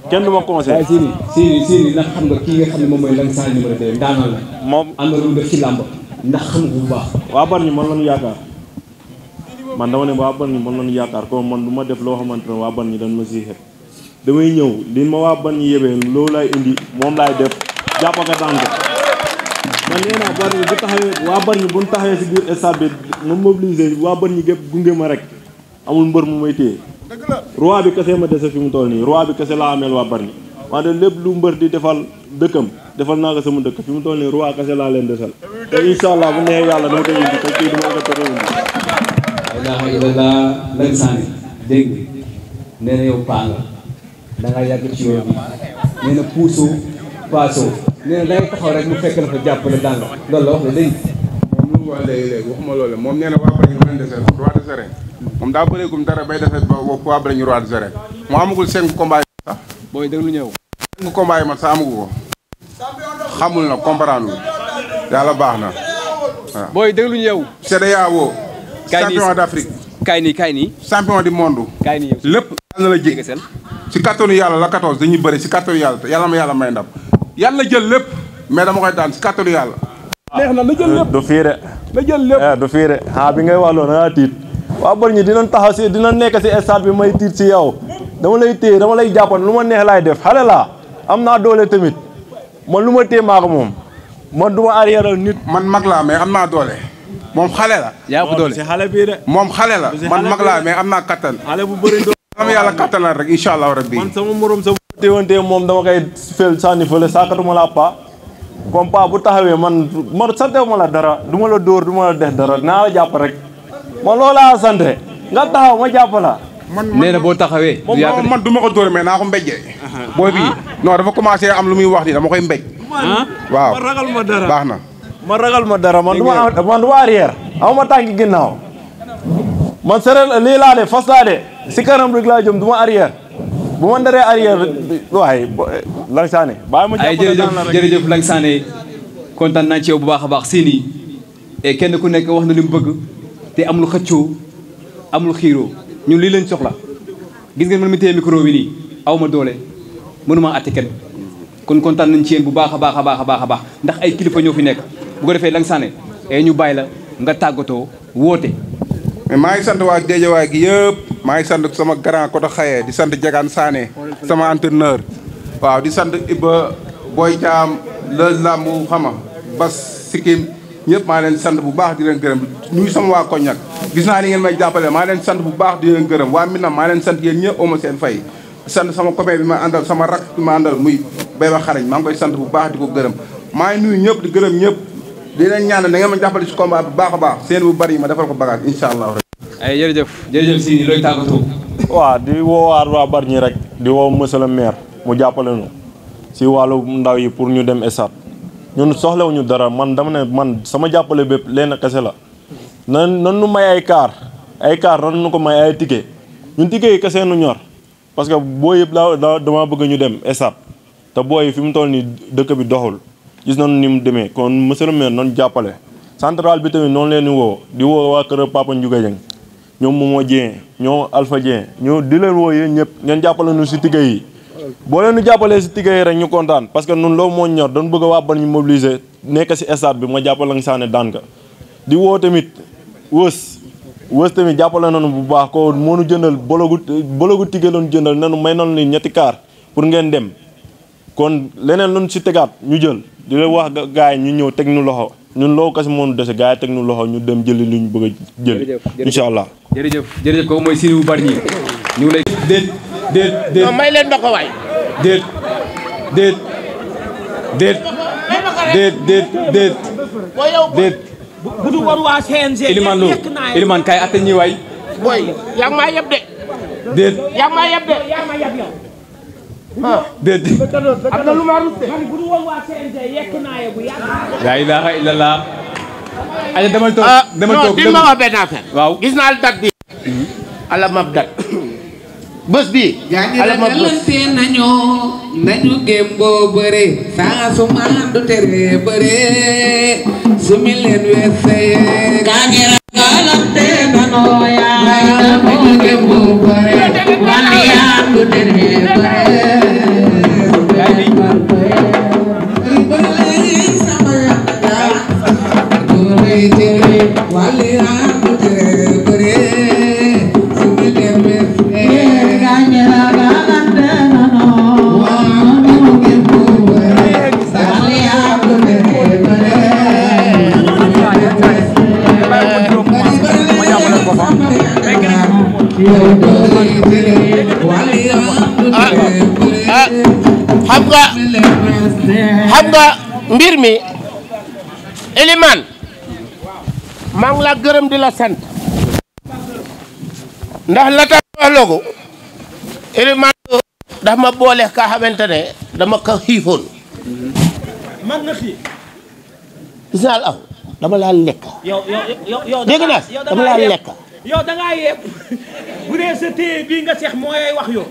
kenn du ma conseillé. Siri Siri Siri ndax xam nga ki nga xam ni mom moy lan Saar numéro 2 ndaanal mom moom lu def ci lamb ndax xam nga bu baax. wa ban ni man lañu yaakar man dama ne wa ban ni man lañu yaakar ko man duma def lo xamantene wa ban ni dañ ma siy xeeb damay ñew li ma wa ban ni yebee lo lay indi mom lay def jàpp ak daan ko man nee ban ni bu taxawé wa ban ni bu taxawé ci si biir stade bi ma mobiliser waa Bargny gépp gunge ma rek amul mbeur mu may téye. roi bi kese ma dese fi mu toll nii roi bi kese laa ameel waa Bargny wante lépp lu mbër di defal dëkkam defal naa ko sama dëkk fi mu toll nii roi kese laa leen desal te incha bu neexee yàlla dama koy indi te kii dama ko tere indi. waaw yow na yow paa yàgg ci yoon bi na puusoo paasoo nee na da ngay taxaw rek mu fekk la fa jàppale daan la loolu la wax la lu mu wax loolu moom nee na waa Bargny ma leen desal roi de Sérène. moom daa bëreegum dara bay defee ba waa ba la ñu roi des arènes mu amagul cinq combats yi sax booy ñëw cinq combats sax amagu ko xamul na comprendre yàlla baax na waaw booy déglu ñëw CEDEAO champion d'Afrique kaay nii kaay nii champion du monde kaay nii lépp yàlla na la jig si kattanu yàlla la 14 dañuy bëri si kattanu yàlla te yàlla ma yàlla may ndam yàlla jël lépp mais dama koy daan si kattanu yàlla ah, du fiire na eh, ah, bi ngay wax loolu tiit waa bër ñi dina taxaw si dina nekk si stade bi may tiit si yow dama lay téye dama lay jàppoon lu ma neex laay def xale laa am naa doole tamit man lu ma téye maa ko moom man du ma nit. man mag laa may am naa doole. moom xale la. yaa ko doole si xale bii de. moom xale la man mag laa mais am naa kattan. xale bu bëri am yàlla kattanal rek incha allah rabbi. man sama morom sama téewante moom dama koy fel sànni fële saakatuma laa paa. comme paa bu taxawee man man santewuma la dara duma la dóor du ma la def dara naa la jàpp rek. ma loolaa sant nga taxaw ma jàpp la. man nee boo taxawee. du man du ma ko dóor mais naa ko mbéjee. booy bii non dafa commencé am lu muy wax ni dama koy mbéj. Ah? waaw ma ragal ma baax na. ma ragal ma dara man du ma man ma arrière. aw ma tànk ginnaaw. man sere lii de fas laa de si kanam rek laa jëm du ma arrière. bu ma daree arrière waaye eh, Lang Sané. bàyyi ma jàppale la rek jërëjëf Lang Sané kontaan naa ci bu baax a baax sii nii. kenn ku nekk wax na lim bëgg. te amul lu xëccoo am lu xiiroo ñun lii lañ soxla gis ngeen man mi téye micro yi nii aw ma doole mënuma àtte kenn kon kontaan nañ ci yéen bu baax a baax a baax a baax a baax ndax ay kilifa ñoo fi nekk bu ko defee Lang Sané eh, ñu bàyyi la nga tàggatoo woote. mais maa ngi sant waa Géejawaay gi yëpp maa ngi sant sama grand koto xaye di sant Diegane Sané sama entraîneur waaw di sant Iba Boy Thiam le lambu xama bas sikim ñepp ma leen sant bu baax di leen gërëm nuyu sama waa koñak gis naa ni ngeen may jàppale ma leen sant bu baax di leen gërëm waa minna ma leen sant yéen ñëpp oma seen fay sant sama copain bi ma àndal sama rak bi ma àndal muy bay ba xarañ maa ngi koy sant bu baax di ko gërëm maa ngi nuyu ñëpp di gërëm ñëpp di leen ñaan na ngeen ma jàppale si combat bu baax a baax seen bu bari ma defal ko bagage incha allah ay jërëjëf jërëjëf si looy tàggatoo waaw di woowaat waa ñi rek di woo monsieur le maire mu jàppale nu si wàllu ndaw yi pour ñu dem esap. ñun soxlawuñu dara man dama ne man sama jàppale bépp leen kese la na nan nu may ay kaar ay kaar nan nu ko may ay ticket ñun ticket yi kese nu ñor parce que booy yëpp daa dama bëgg ñu dem esat te booy fi mu toll nii dëkk bi doxul gis nañu ni mu demee kon monsieur le maire noonu jàppale central bi tamit noonu leen di woo di woo waa kër Papa Ndiouga ñoom Momo Dieng ñoom ñoo Dieng ñoo di leen woo yéen ñëpp ngeen jàppale nu si ticket yi boo leen di jàppalee si tigga yi rek ñu kontaan parce que nun loo moo ñor doon bëgg waa ban ñu mobiliser nekk si stade bi ma jàppale nga saane daan ka di woo tamit wës wës tamit jàppale nanu bu baax ko moo nu jëndal bologu bologu tigga loonu jëndal nanu may nanu ni ñetti kaar pour ngeen dem kon leneen luñ si tegaat ñu jël di leen wax gaa yi ñu ñëw teg ñu loxo ñun loo kasi moonu dese gars yi teg ñu loxo ñu dem jëli li ñu bëgg a jëli incha allah jërëjëf jërëjëf kooku mooy déet déet non may leen ba ko waay. déet déet déet déet déet déet déet. bu du woon waa CNG. Elimane Lo Elimane kay atte ñi waay. booy yaa ngi maa yeb de. déet yaa ngi maa yeb de. yaa ngi maa yeb yow. ah déet. am na lu ma rus de. bu du woon waa CNG yekk naa yeegu yàgg. laa ilaaha illallah. aywa demal toog ah, demal toog non di ma wax benn affaire. waaw gis naa date bi. Hmm. ala mab date. bés bii. alal ma bés nañoo nañu gém boo bëree saa su maan du tere bëree su mi leen weesee. kaa ngi ragalante nanoo yaa. nañu gém boo bëree wàllu yaa du tere bëree. xam nga xam nga mbir mi Elimane maa ngi la gërëm di la sant ndax la tax wax loogu Elimane daf ma boole ka xamante ne dama ko xiifoon mag na xiif gis dama laa lekk dégg dama laa lekk yow da ngaa bu dee sa téye bii nga seex mooy wax yow.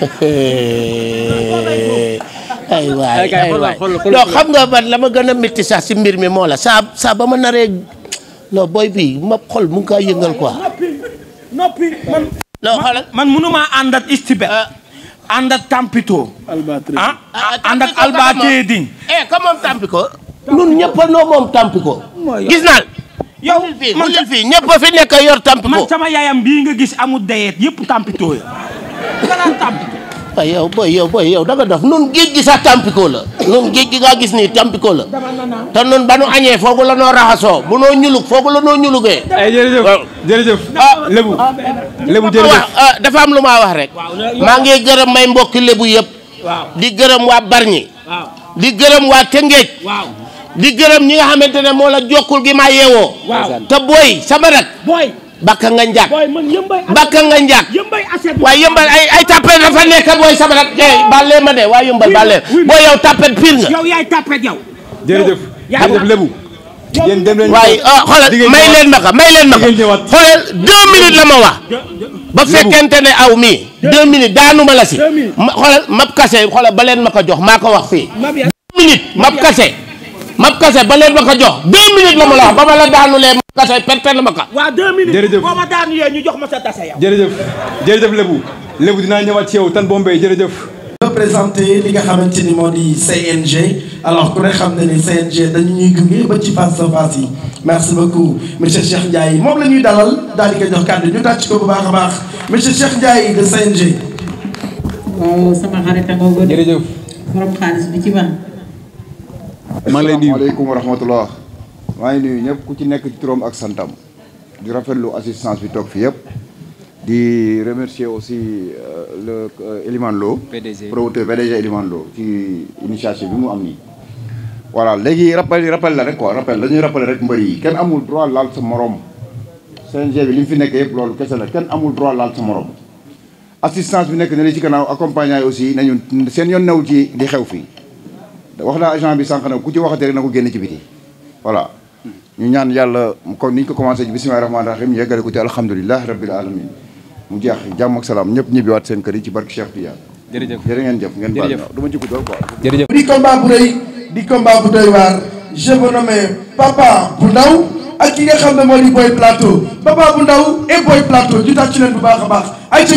ay waay ay waay non xam nga man la ma gën a métti sax si mbir mi moo la saa saa ba ma naree non booy bii ma xol mu ngi kaa yëngal quoi. noppi man. non xoolal man mënuma ànd ak istibet. Euh. ànd ak tampito. moom ah, ah, ah, tampiko. Eh, ñun ñëpp noo moom tampiko. gis naa. yow man fii ñëpp fi nekk yor tampi man sama yaayam bii nga gis amul dayet yëpp tampito ya yow booy yow booy yow da nga dof nun géej gi sax tampiko la nun géej gi nga gis nii tampiko la te nun ba nu añee foogu la noo raxasoo bu noo ñulug foogu la noo ñulugee eh, jërëjëf ah. Ah, ah, jërëjëf ah dafa am lu maa wax rek maa ngi gërëm may mbokki lébu yëpp di gërëm waa Bargny di gërëm waa Tëngéej di gërëm ñi nga xamante ne moo la jokkul gi maa yeewoo. waaw te booy sama nag. booy bakka nga njaag. booy man yëmbay nga njaag. waaye yëmbal ay ay tapet dafa nekk booy sama nag. Eh, waaw bàllee ma de waaye yëmbal bàllee. booy yow tapet pire nga. leen waaye ah xoolal may leen ma ko may leen ma ko xoolal deux minutes la ma wax ba fekkente ne aw mii deux minutes daanu la si ma xoolal mab kase xoolal ba leen ma ko jox maa ko wax fii deux minutes mab kase mab kase ba leen ma ko jox deux minutes la mu la wax ba ma la daanulee mab kase per per ma ko. waaw deux minutes jërëjëf boo ma daanulee ñu jox ma sa tase yow. jërëjëf jërëjëf Lébu Lébu dinaa ñëwaat ci yow Tan Bombay jërëjëf. représenté li nga xamante ni moo di CNG alors ku ne xam ne ni CNG dañu ñuy gunge ba ci face à face yi merci beaucoup monsieur Cheikh Ndiaye moom la ñuy dalal daal di ko jox kàddu ñu tàcc ko bu baax a baax monsieur Cheikh Ndiaye de CNG. waaw sama xarit ak jërëjëf borom xaalis bi ci man. maa ngi lay nuyu asalaamaaleykum wa rahmatullah maa ngi nuyu ñëpp ku ci nekk ci turam ak santam di rafetlu assistance bi toog fii yëpp di remercier aussi euh, le euh, Elimane Lo promoteur PDG Elimane Lo ci initiative bi mu am nii voilà léegi rappel rappel la rek quoi rappel dañuy rappel rek mbër yi kenn amul droit laal sa morom CNG bi li mu fi nekk yëpp loolu kese la kenn amul droit laal sa morom assistance bi nekk ne li ci gannaaw accompagné aussi nañu seen yoon new ci di xew fii wax agent bi sànq na ku ci waxatee rek na ko génn ci biti voilà ñu ñaan yàlla kon ni ñu ko commencé ci bisimilah rahmaani rahim ñu yeggale ko ci alhamdulilah rabbil alamin mu jeex jàmm ak salaam ñëpp ñibbiwaat seen këri ci barke Cheikh Tidiane. jërëjëf jërë ngeen jëf ngeen baal du ma ci guddal quoi. jërëjëf di combat di combat bu doy waar je papa bu ndaw ak ki nga xam ne moo di boy plateau papa bu ndaw et boy plateau ñu tàcc leen bu baax a baax ay ci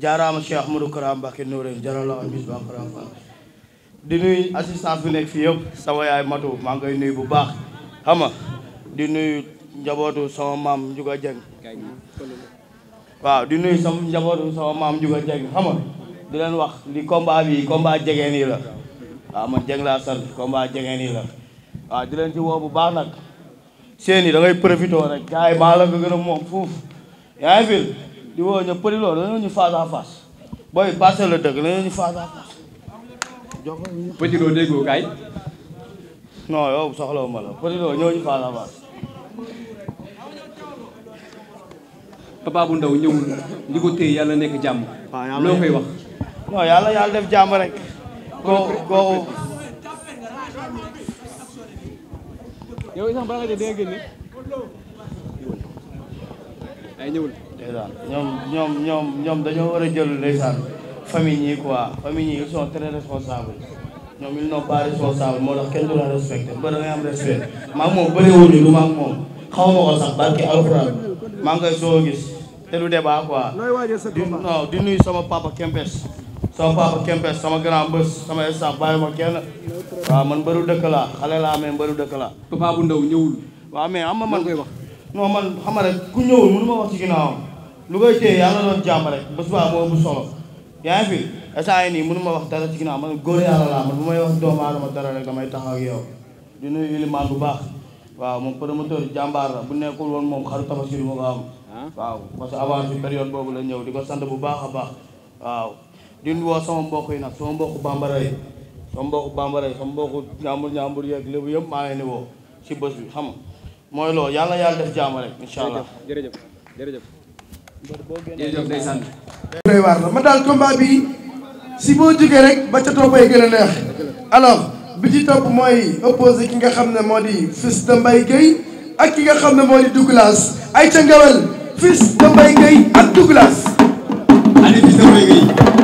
jaram Cheikh Ahmadou karam bakki Noreyni jarala am bis ba karam fa di nuy assistant fi nek fi yëpp sama wayay matu ma ngay nuy bu baax xama di nuy njabootu sama mam Juga Jeng waaw di nuy sama njabootu sama mam Juga Jeng xama di len wax li combat bi combat jege ni la waaw man jeng la sant combat jege ni la waaw di len ci wo bu baax nak seen da ngay profito rek la ko di woo ñëpp përi loolu dañoo ñu face à booy passé la dëgg dañoo ñu face à face. Petit Lo déggoo kaay. non yow soxla ma la Petit Lo ñoo ñu face à face. papa bu ñëwul li ko téye yàlla nekk jàmm. loo koy wax. non yàlla yàlla def jàmm rek. koo koo. yow itam bala nga dee dégg ndeysaan ñoom ñoom ñoom ñoom dañoo war a jël ndeysaan famille ñi quoi famille ñi ils sont très responsables ñoom ils n'ont pas responsable moo tax kenn du la respecté ba da ngay am respect maa ngi moom bëri wuñu lu maa ngi moom xaw ma ko sax barki alxuraan maa ngi koy soo gis te du débat quoi di non di nuyu sama papa Kempes sama papa Kempes sama grand bés sama staff bàyyi ma kenn waaw man mbëru dëkk laa xale laa mais mbëru dëkk laa papa bu ñëwul waaw mais am ma man koy wax non man xam lu koy téye yàlla doon jàmm rek ba subaa moo bu solo ma wax dara ci ginnaaw man góor yàlla laa man bu may wax doomu aadama dara rek ak yow di nuyu limaan bu baax waaw moom promoteur jàmbaar bu nekkul woon moom xaru tabaski du ma ko am ah? waaw boobu la ñëw di ko sant bu baax a baax waaw di woo sama mbokk yi nag sama mbokku bambara yi sama mbokku bambara yi sama mbokku ñaambur ñaambur yëpp maa ngi ni woo si bés bi yàlla yàlla def jàmm rek incha allah jërëjëf jërëjëf jërëjëf day sant. doy waar la bi si boo jógee rek ba ca toppay gën a neex alors bi ci topp mooy opposé ki nga xam ne moo di Fils de Mbaye ak ki nga xam ne moo di Douglas ay ca ngawal Fils de Mbaye ak Douglas. ani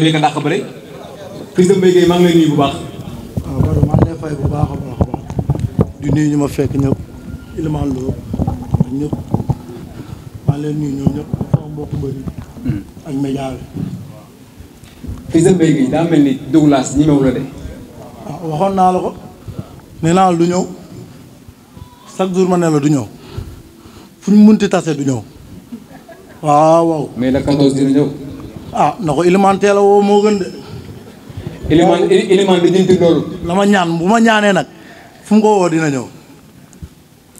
rek maa ngi lay nuyu bu baax. waaw ah, Badou maa ngi bu baax a baax a fekk ñëpp Ilimane maa ngi lay nuyu hmm. ak média bi. Fils de Mbaye Guèye daa mel ni Douglas ñi mew la de. Ah, waxoon naa la ko nee la du ñëw chaque jour ma ne la du ñëw fu ñu munti tase du ñëw waaw waaw. mais le 14 dina ñëw. ah na ko iliman teel woo moo gën de. iliman di jënti loolu. na ma ñaan bu ma ñaanee nag fu mu ko woo dina ñëw.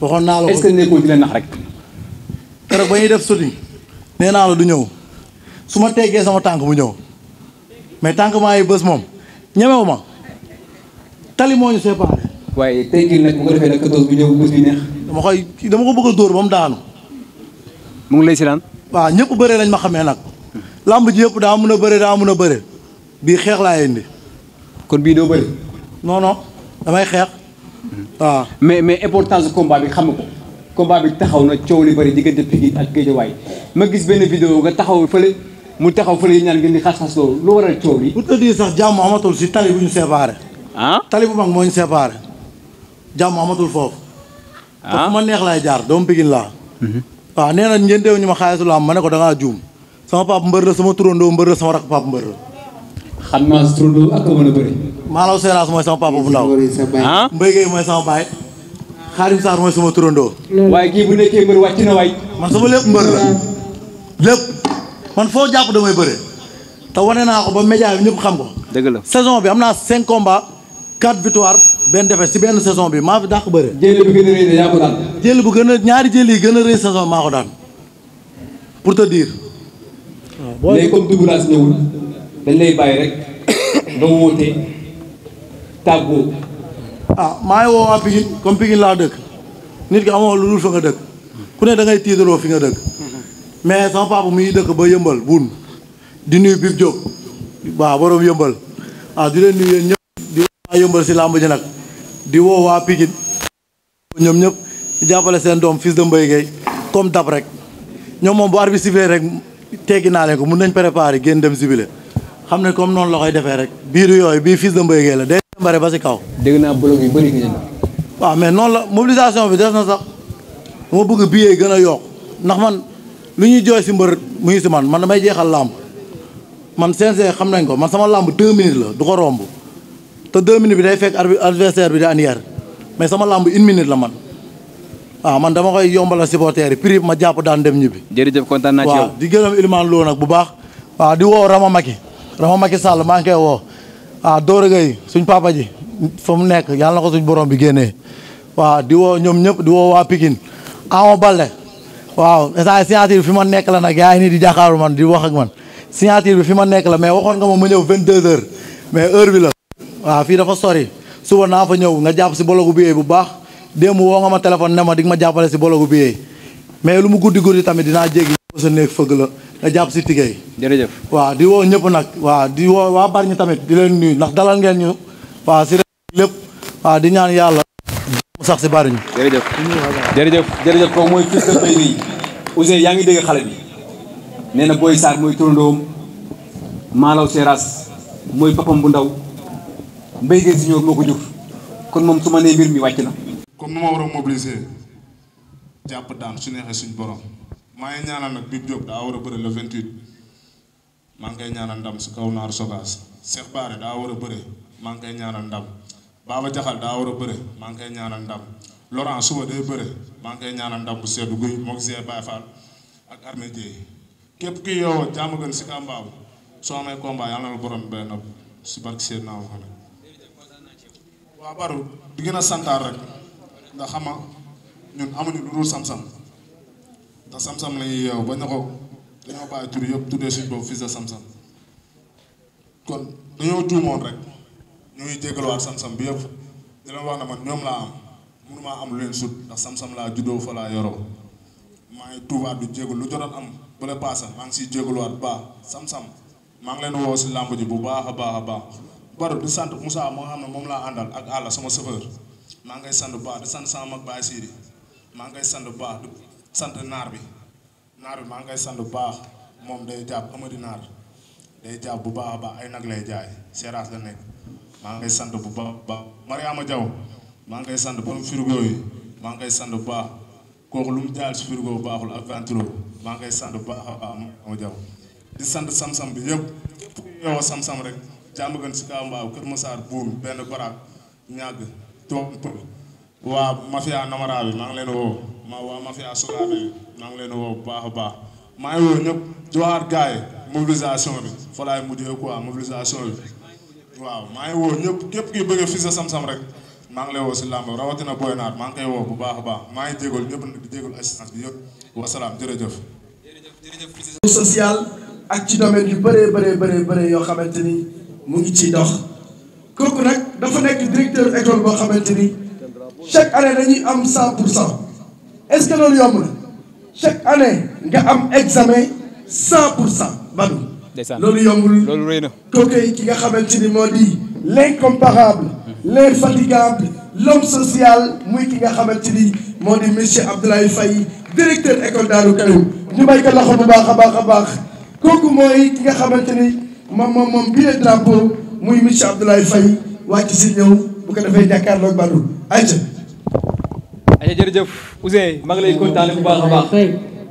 waxoon naa la rek. ba ñuy def soti nee ñëw su ma teggee sama tànk mu ñëw mais tànk yi bés moom ñemewu ma ñu séparé. waaye tey jii nag ko defee dóor ba mu mu ngi lay si waaw ñëpp bëree lañ ma xamee nag. lamb ji yëpp daa mun a bëre daa mun a bëre bii xeex laa indi. kon bii doo bëri. non damay xeex. waaw mais mais importance combat bi xam nga ko. combat bi taxaw na coow li bëri diggante Pikine ak Guédiawaye ma gis benn vidéo nga taxaw fële mu taxaw fële ñaan ngeen di xas-xas loolu lu sax jàmm si tali bu ñu séparé. ah tali moo ñu séparé jàmm amatul foofu. ah man neex laay jaar doomu laa. Mhm. waaw na njëndeew ñu ma xaalisu laa ma ne ko da ngaa juum. sama pap mbër la sama turandoo mbër la sama rak pap mbër la. xam naa sa turandoo ak ko mën a bëri. Malaw Seras mooy sama papa bu ndaw. ah Mbaye Gueye sama baay. Xaarim Sarr mooy sama turandoo. waaye kii bu nekkee mbër wàcc na waay. man sama lépp mbër la. lépp man fo jàpp damay bëre. te wane ko ba média bi xam ko. deug la saison bi amna 5 combats 4 victoires ben défaite ci ben saison bi ma fi dakk beure jël bu gëna a ya ko dal jël bu gëna ñaari jël yi gëna a saison maa ko daan pour te dire boo mais comme doublage ñëwul dañ lay bàyyi rek nga woote tàggoo. ah maa ngi woo waa Pikine comme Pikine laa dëkk nit ki amoo lu dul fa nga dëkk ku ne da ngay tiitaroo fi nga dëkk mais sama papa mi ngi ba yëmbal buun di nuyu Bib Diop waaw borom yëmbal ah di leen nuyu yéen ñëpp di waa yëmbal si làmb ji nag di woo waa Pikine ñoom ñëpp jàppale seen dom fils de Mbaye Gueye comme dab rek ñoom moom bu arbitre sifflé rek. teggi naa leen ko mun nañ préparer génn dem sibile xam ne comme noonu la koy defee rek biir yooyu bii fils de Mbaye Gueye la day bare ba si kaw. dégg naa bloc yu bëri ngeen waa mais noonu la mobilisation bi des na sax dama bëgg billet gën a yokk ndax man lu ñuy jooy si mbër mu ngi si man man damay jeexal làmb man CNG xam nañ ko man sama làmb deux minutes la du ko romb te deux minutes bi day fekk adversaire bi daan an mais sama làmb une minute la man. ah man dama koy yombal supporter yi prix ma japp daan dem jeri jeuf kontan na ci yow di gërëm Ilimane Lo nak bu baax. wa ah, di wo Rama maki Rama maki Sall ma ngay wo ah waaw Dóor suñ papa ji fa nek yalla nako suñ borom bi gene wa di wo ñom ñep di wo wa pikin awo Baldé waaw instant signature fi ma nek la nak yaay ni di jaxaru man di wax ak man signature bi fi ma nek la mais waxon nga mo ma ñëw 22h mais heure bi la. wa fi dafa sori suba na fa ñew nga japp ci bologu bi bu baax demu wo nga ma telephone nema dig di ma jappale si bologu bi mais lu mu guddi guddi tamit dina jegi so néeg feug la nga jàpp si tigéey jërëjëf wa di wo ñëpp nak wa di woo waa Bargny tamit di len nuy ndax dalal ngeen ñu wa si lepp wa di ñaan yalla mu sax si Bargny jërëjëf jërëjëf jërëjëf kooku mooy fils de ni Ouzin ya ngi dégg xalé bi nee Boy sar moy turandoom Malaw Seras moy papam bu ndaw mbey Gueye ci moo moko jur kon mom suma ne mbir mi wacc na comme nu ma war a mobiliser jàpp daan su neexee suñ borom. maa ngi ñaanal nag Bib Diop daa war a bëre le 28 maa ngi koy ñaanal ndam si kaw Naar Sogas Cheikh Baare daa war a bëre maa ngi koy ñaanal ndam Baba Jaxal daa war a bëre maa ngi koy ñaanal ndam Laurent suba day bëre maa ngi bu seddu guy moog Zia Baye Fall ak Armé Dieye képp ki yow jaamu gën si kàmbaaw soo amee combat yàlla na la borom benn si barke Seydina Muhammad. waa Barou di gën a santaar rek. nga xama ñun amuñu lu dul sam-sam ndax sam-sam lañuy yeew ba na ko dañoo bàyyi tur yëpp tuddee suñ boobu fils de sam-sam kon dañoo juumoon rek ñu ngi jégaluwaat sam-sam bi yëpp di wax na man ñoom laa am mënumaa am lu leen sut ndax sam-sam laa juddoo fa laa yoroo maa ngi tuubaat du jégalu lu jotoon am bu la paase maa ngi siy jégaluwaat baax sam-sam maa ngi leen woo si làmb ji bu baax a baax a baax baru di sant Moussa moo xam ne moom laa àndal ak àlla sama chauffeur maa ngay sant bu baax di sant sama mag maa ngay sant bu baax di naar bi naar bi maa ngay sant bu baax moom day jàpp amadi naar day jàpp bu baax a baax ay nag lay jaay seeraas la nekk maa ngay sant bu baax baax Jaw maa ngay sant borom frigo yi maa ngay sant bu baax lu mu jaay si frigo bu baaxul ak ventilo maa ngay sant bu baax a baax Mariama sant sam-sam bi yëpp yow sam-sam rek jàmm gën si kaw mbaaw Kër Masaar buum benn baraak ñàgg waa mafia namara bi maa ngi leen woo ma waa mafia sorabe bi maa ngi leen woo bu baax a baax maa ngi woo ñëpp joxaat gars mobilisation bi fa laay mujjee quoi mobilisation bi waaw maa ngi woo ñëpp képp ki bëgg Fils Sam Sam rek maa ngi lay woo si làmb rawatina Boy Naar koy woo bu baax a baax maa ngi jégalu ñëpp di jégalu assistance bi yëpp wasalaam jërëjëf. social ak ci domaine yu bëree bëree bëree bëree yoo xamante ni mu ngi ciy dox. kooku nag dafa nekk directeur école boo xamante ni chaque année dañuy am cent pour cent est-ce que loolu yomb chaque année nga am examen cent pour cent badu loolu yombul loolu rëy na kooku ki nga xamante ni moo di l'incomparable l'infatigable l'homme social muy ki nga xamante ni moo di monsieur Abdallah Faye directeur école Daaru Karim ñu may ko loxo bu baax a baax a baax kooku mooy ki nga xamante ni moom moom moom drapeau muy monsieur Abdoulaye Faye wàcc si ñëw bu ko defee jàkkaarloog Badou ayca. ayca jërëjëf Ousseyn mag ngi lay kontaane bu baax a baax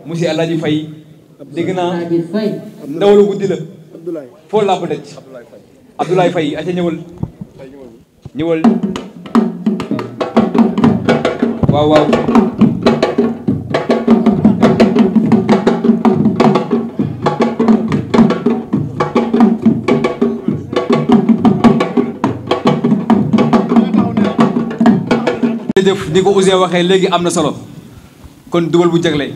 monsieur El Hadj Faye dégg naa ndaw la guddi la foo laa ko denc Abdoulaye Faye ayca ñëwal ñëwal waaw waaw. jëf ni ko Ouzin waxee léegi am na solo kon dugal bu jagle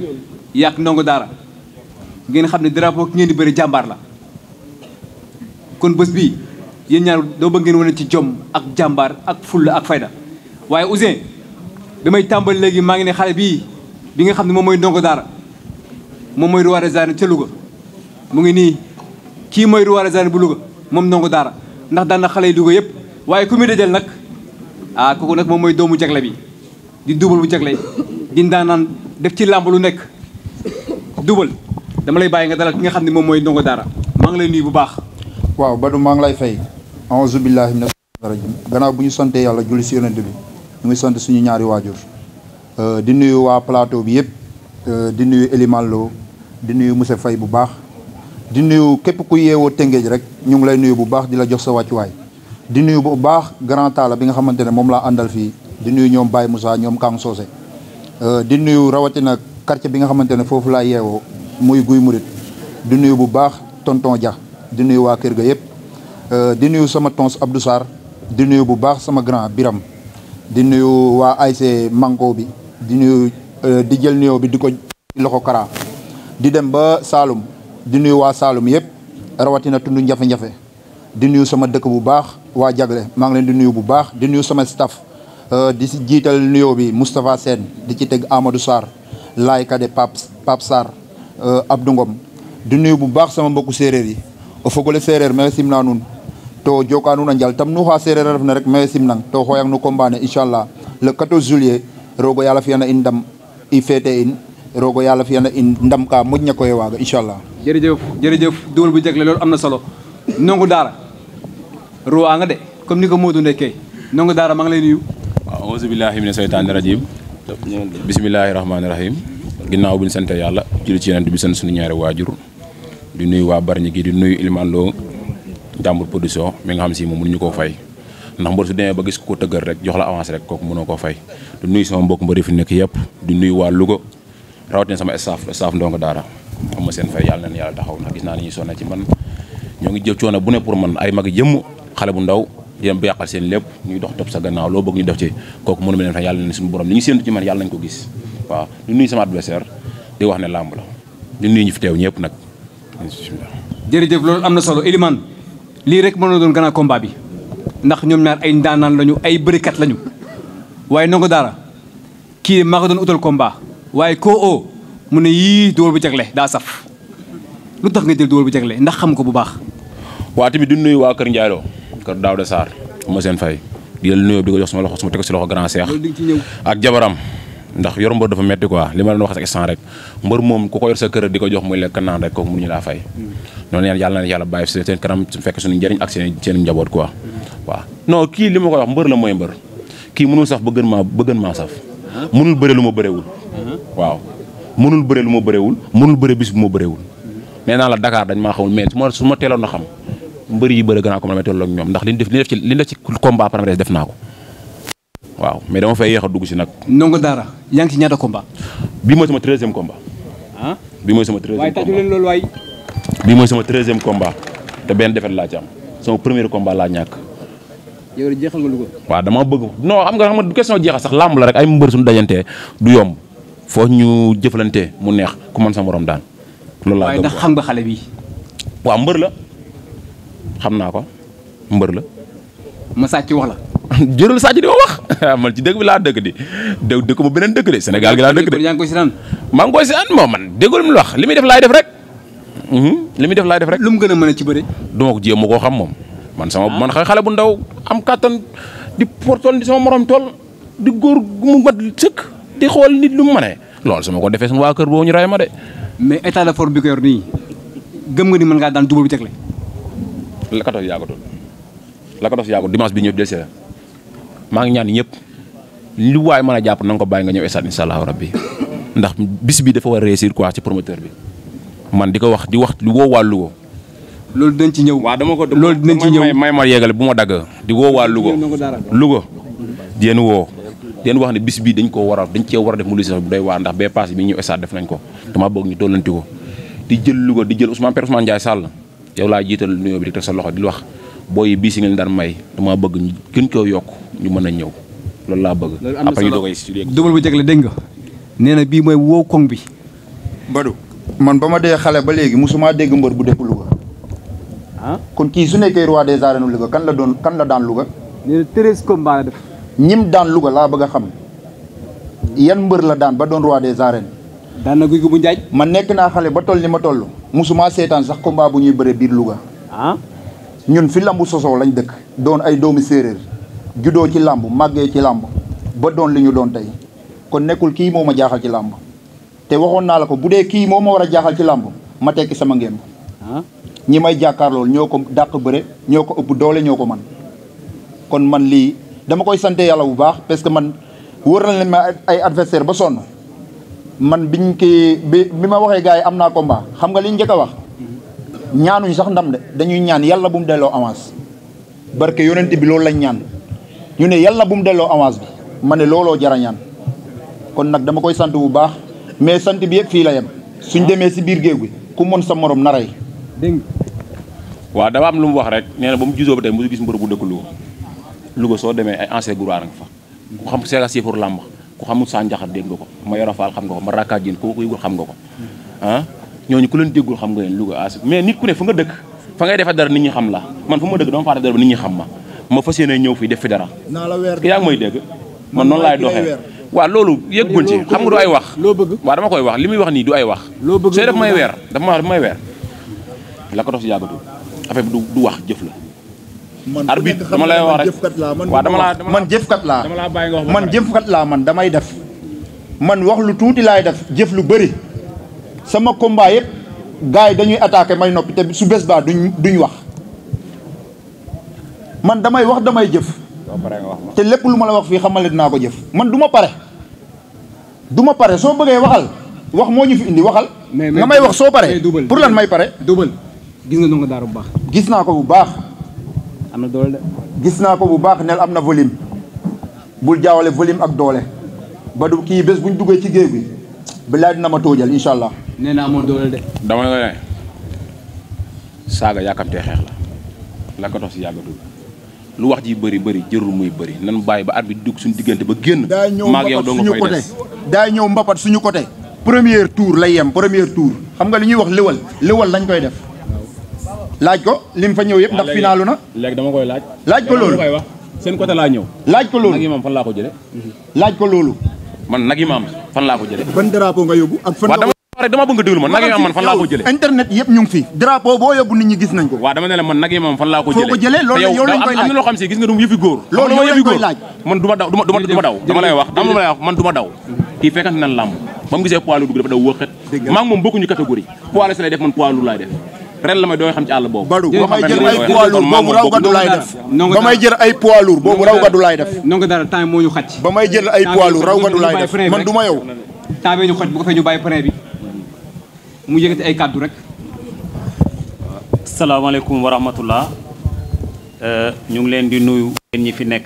yàq ndongo daara ngeen xam ne drapeau ki ngeen di bëri jàmbaar la kon bés bi yéen ñaar doo bëgg ngeen wane ci jom ak jàmbaar ak fulla ak fayda waaye Ouzin bi may tàmbali léegi maa ngi ne xale bii bi nga xam ne moom mooy ndongo daara moom mooy Roi des Arènes ca Louga mu ngi nii kii mooy Roi des bu Louga moom ndongo daara ndax daan xale yi Louga yëpp waaye ku muy dajal nag ah kooku nag moom mooy doomu jagle bi di duubal bu jagle di ndaanaan def ci làmb lu nekk duubal dama lay bàyyi nga dalal ki nga xam ne moom mooy ndongo daara maa ngi lay nuyu bu baax waaw Badou maa ngi lay fay aouzu billahi mina rajim bu ñu santee yàlla julli si yonent bi ñu ngi sant suñu ñaari waajur euh, di nuyu waa plateau bi yëpp euh, di nuyu Eliman di nuyu Moussa Faye bu baax di nuyu képp ku yeewoo Tëngéej rek ñu ngi lay nuyu bu baax di la jox sa wàccuwaay di nuyu bu baax grand tala bi nga xamantene mom la andal fi di nuyu ñom Baye Moussa ñom Kang euh di nuyu na quartier bi nga xamantene fofu la muy Guy Murit di nuyu bu baax tonton Dia di nuyu wa kër ga euh di nuyu sama tons Abdou sar di nuyu bu baax sama grand Biram di nuyu wa AIC Manko bi di nuyu euh, di jël nuyu bi diko loxo Kara di dem ba Saalum di nuyu salum Saalum rawati na tundu ñafé ñafé di nuyu sama dëkk bu baax waa jagle maa ngi leen di nuyu bu baax di nuyu sama staff euh, di si jiital nuyoo bi Moustapha Sène di ci teg Amadou Sarr laay kade Pape Pape Sarr euh, Abdou Ngom di nuyu bu baax sama mbokku séeréer yi o fogole séeréer maxey simna nuun to joka nuun a njal tam nu xa séeréer a refna rek maxey simnang to xooyang nu combat ne inchallah le 14 juillet roogo yàlla fiyana in ndam i féete in roogo yàlla fiyana in ndam ka moƴna koy waaga inchallah jërëjëf jërëjëf duwal bu jagle loolu am na solo nongu daara ruwa nga de comme ni ko Modou nekkee nongu dara ma ngi lay nuyu. waaw auzu billahi minash shaitanir rajim bismillahir rahmanir rahim ginnaaw bu sante yalla jiru ci yenen bi sante suñu ñaari wajur di nuyu wa barñi gi di nuyu Iliman Lo jambour production mi nga xam si moom mënuñu fay ndax mbor su ba gis ko teugër rek jox la avance rek kooku mëno ko fay di nuyu sama mbokk mbori dong fi nekk yépp di nuyu wa lugo rawatina sama staff staff ndongo dara sen fay yalla yalla taxaw na gis na ni sonna ci man ñoo ngi jëf coono bu ne pour man ay mag jëmm xale bu ndaw di dem ba seen lépp ñuy dox topp sa gannaaw loo bëgg ñu def ci kooku mënu ma leen fa yàlla ne suñu ñu séentu ci man yàlla ko gis waaw lu nuyu sama adversaire di wax ne làmb la lu ñu fi teew ñëpp nag jërëjëf loolu am na solo Elimane lii rek mën na doon gannaaw combat bi ndax ñoom ñaar ay ndaanaan lañu ay bërikat lañu waaye nangu dara kii maa ko doon utal combat waaye koo o mu ne yii dóor bu jagle daa saf lu tax nga jël duwal bu jagle ndax xam ko bu baax waa tamit di nuyu waa kër Ndiayloo kër Daouda Sarr ma seen fay di la nuyu di ko jox sama loxo sama teg ko loxo grand Cheikh ak jabaram ndax yor mbër dafa metti quoi li ma wax ak instant rek ku ko yor sa kër di ko jox muy lekk naan rek kooku mënuñu laa fay hmm. noonu leen yàlla na yàlla bàyyi seen kanam fekk suñu njëriñ ak seen seen njaboot quoi ki non kii li ma koy wax mbër la mënul saf bëggën ma bëggën ma saf hmm. mënul bëre lu ma bërewul hmm. waaw mënul bëre lu ma bërewul mënul bëre bis bu ma ul. Mena la Dakar dañ maa xamul mais su ma su ma teeloon a xam mbëri yi bëri gën a ko mën a ak ñoom ndax li def li def ci li def ci combat def waaw mais dama fay dugg si nag. Ndongo Daara yaa ci ñaata combat. bii mooy sama treizième combat. ah bii mooy sama treizième combat waay tàccu leen loolu waay. bii mooy sama treizième combat te benn ci am sama premier combat laa ñàkk. yow de jeexal nga Louga. waaw dama bëgg non xam nga xam nga question jeexal sax làmb la rek ay mbër suñu dajante du yomb foo ñu jëflante mu neex ku daan loolu laa gëm waaye xam nga xale bi. waaw mbër la xam naa ko mbër la. ma sàcc wax la. jërul sàcc di ma wax man ci dëkk bi laa dëkk di dë dëkk bu beneen dëkk de Sénégal gi laa dëkk de. yaa ngi koy si naan. maa ngi koy si naan man déggul mu wax li def laay def rek. Mhm. li muy def laay def rek. lu mu gën ci bëre. du ma ko xam moom. man sama ah. man xale bu ndaw am kàttan di portol di sama morom tool di góor gu mu mat sëkk di xool nit lu mu lol sama ko defé sama wa keur bo ñu ray ma de. mais état de forme bi ko yor nii gëm nga ni mën nga daan double bi lé la ko doon yàggatul la ko doon yàggatul dimanche bi ñëp dese la maa ngi ñaan ñëp li way mëna japp nang ko bay nga ñëw état inshallah rabbi ndax bis bi dafa war réussir quoi ci promoteur bi man di wax di wax lu wo walu wo loolu dañ ci ñëw. wa dama ko loolu dañ ci ñëw may ma yeggale bu ma dagg. di wo waa Louga Louga jéen wo leen wax ni bis bi dañ ko waral dañ ci war a def mobilisation bu doy war ndax bee paase bi ñu estade def nañ ko dama bok ñu tollanti ko di jël Louga di jël Ousmane Père Ousmane Ndiaye Sall yow la jital nuyo bi di sa loxo di wax boy bi si ngeen daan may dama bëgg ñu gën ko yok ñu mëna ñew ñëw loolu laa bëgg après ñu dogay studio double bu jéglé dégg nga bi moy wo kong bi Badou man bama dé xalé ba légui musuma dégg mbeur bu dëkk Louga ah kon ki su nekkee roi des arènes Louga kan la don kan la daan Louga nee na treize combats def ñim daan Louga laa bëgg a xam yan mbër la daan ba doon roi des arènes. daan na guy bu njaaj. man nekk naa xale ba toll ni ma tollu musuma seetaan sax combat bu ñuy bëree biir Louga. Ah. ñun fi lambu sosoo lañ dëkk. doon ay doomi séeréer. judoo ci làmb màggee ci làmb ba doon li ñu doon tey kon nekkul kii moo ma jaaxal ci làmb te waxoon naa la ko bu dee kii moo ma war a jaaxal ci làmb ma tekki sama ngémb ah. ñi may jàkkaarlool ñoo ko dàq bëre ñoo ko ëpp doole ñoo ko man kon man lii dama koy sante yàlla bu baax parce que man wóor na leen ma ay adversaire ba sonn man biñ ki bi bi ma waxee gars yi am naa combat xam nga liñ njëkk a wax ñaanuñ sax ndam de dañuy ñaan yàlla bu mu delloo avance barke yonent bi loolu lañ ñaan ñu ne yàlla bu mu delloo avance bi ma ne looloo jarañaan kon nag dama koy sant bu baax mais sant bi yëpp fii la yem suñ demee si biir géew bi ku moon sa moroom naray dégg waaw dafa am lu mu wax rek nee na ba mu gisoo ba tey mu gis mbër bu dëkk Louga soo demee ay ancien gourwaar nga fa ku xam Sega Sifour làmb ku xamul Sa Njaxar dégg nga ko ma Yoro Faal xam nga ko ma Raka Dieng ku ko yëgul xam nga ko ah ñooñu ku leen déggul xam nga leen Louga as ah, mais nit ku ne fa nga dëkk fa ngay defar dara nit ñi xam la man fu ma dëkk dama faa def dara nit ñi xam ma ma fas yéene ñëw fii def fi dara yaa ngi may dégg man noonu laay doxee waaw loolu yëgguñ ci xam nga du ay wax loo bëgg waaw dama koy wax li muy wax nii du ay wax sooy daf may weer dafa ma daf may weer la ko dox si yàggatul affaire bi du wax jëf la arbitre dama lay wax rek waaw dama laa man jëfkat laa man jëfkat laa man damay def man wax lu jeff laay def jëf lu bëri sama combat yëpp gars yi dañuy attaqué may noppi te su bés duñ wax man damay wax damay jëf te lépp lu ma la wax fii xamale dinaa ko jëf man du ma pare du so pare soo bëggee waxal wax moo ñu fi indi waxal nga may wax soo pare pour lan may pare gis nga ndongo daara bu gis naa ko bu baax am na doole gis naa ko bu baax nel am na volume bul jaawale volume ak doole ba du kii bés bu ñu duggee ci géej gi balaa dina ma tóojal incha allah. nee naa amoon doole de. dama la ne saaga yàkkamtee xeex la la ko dox si yàggatul lu wax ji bëri bëri jërul muy bëri nan bàyyi ba at bi dugg suñu diggante ba génn. maag yow doo nga koy des daay ñëw mbapat suñu côté. premier tour la yem premier tour xam nga li ñuy wax lëwal lëwal lañ koy def. laaj ko lim fa ñëw yëpp ndax ah, finalu na léegi dama koy laaj laaj ko kolol koy wax seen côté laa ñëw laaj ko loolu nag imam fan laa ko jëlee laaj ko loolu man nag imam fan laa ko jëlee ban drapeau nga yóbbu ak fan dama rek dama bëgg déglu man nag imam man fan laa ko jëlee internet yëpp ñu fi drapeau boo yóbbu nit ñi gis nañ ko dama man imam fan ko ko yow lañ koy laaj am na xam gis nga yëfi man duma daw duma duma daw dama lay wax lay wax man duma daw dafa daw catégorie lay def man def ren la may doy xam ci àll boobu ba may jël ay poids lourd boobu raw gaddu laay def ba jël ay poids lourd boobu raw gaddu laay def nonga dara temps moo ñu xaj jël ay poids lourd raw gaddu laay def man du yow temps ñu xaj bu ko ñu bi mu ay rek wa rahmatullah ñu ngi leen di nuyu ñi fi nekk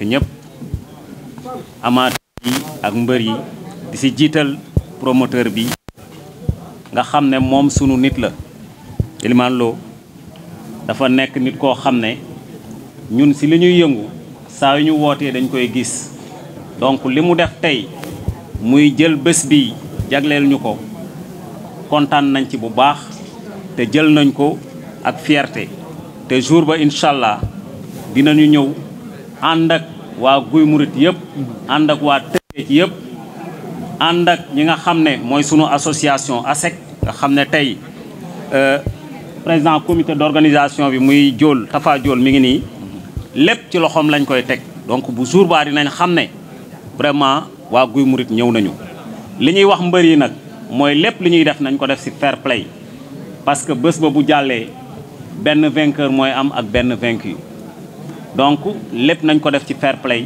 amaat yi ak yi di promoteur bi nga sunu nit la Elimane loo dafa nekk nit koo xam ne ñun si li ñuy yëngu saa yu ñu wootee dañ koy gis donc li mu def tey muy jël bés bi jagleel ñu ko kontaan nañ ci bu baax te jël nañ ko ak fierté te jour ba incha allah dinañu ñëw ànd ak waa Guy Mouride yëpp ànd ak waa Tëngéej yëpp ànd ak ñi nga xam ne mooy sunu association ASEC nga xam ne tey euh, président comité d'organisation bi muy Diol Tafa Diol mi ngi ni lepp ci loxom lañ koy tek donc bu jour ba dinañ xamné vraiment wa Guy mourid ñew nañu. liñuy wax mbër yi nag mooy lépp li def nañ ko def ci fair play parce que bëss ba bu jallé ben vainqueur moy am ak ben vaincu donc lepp nañ ko def ci fair play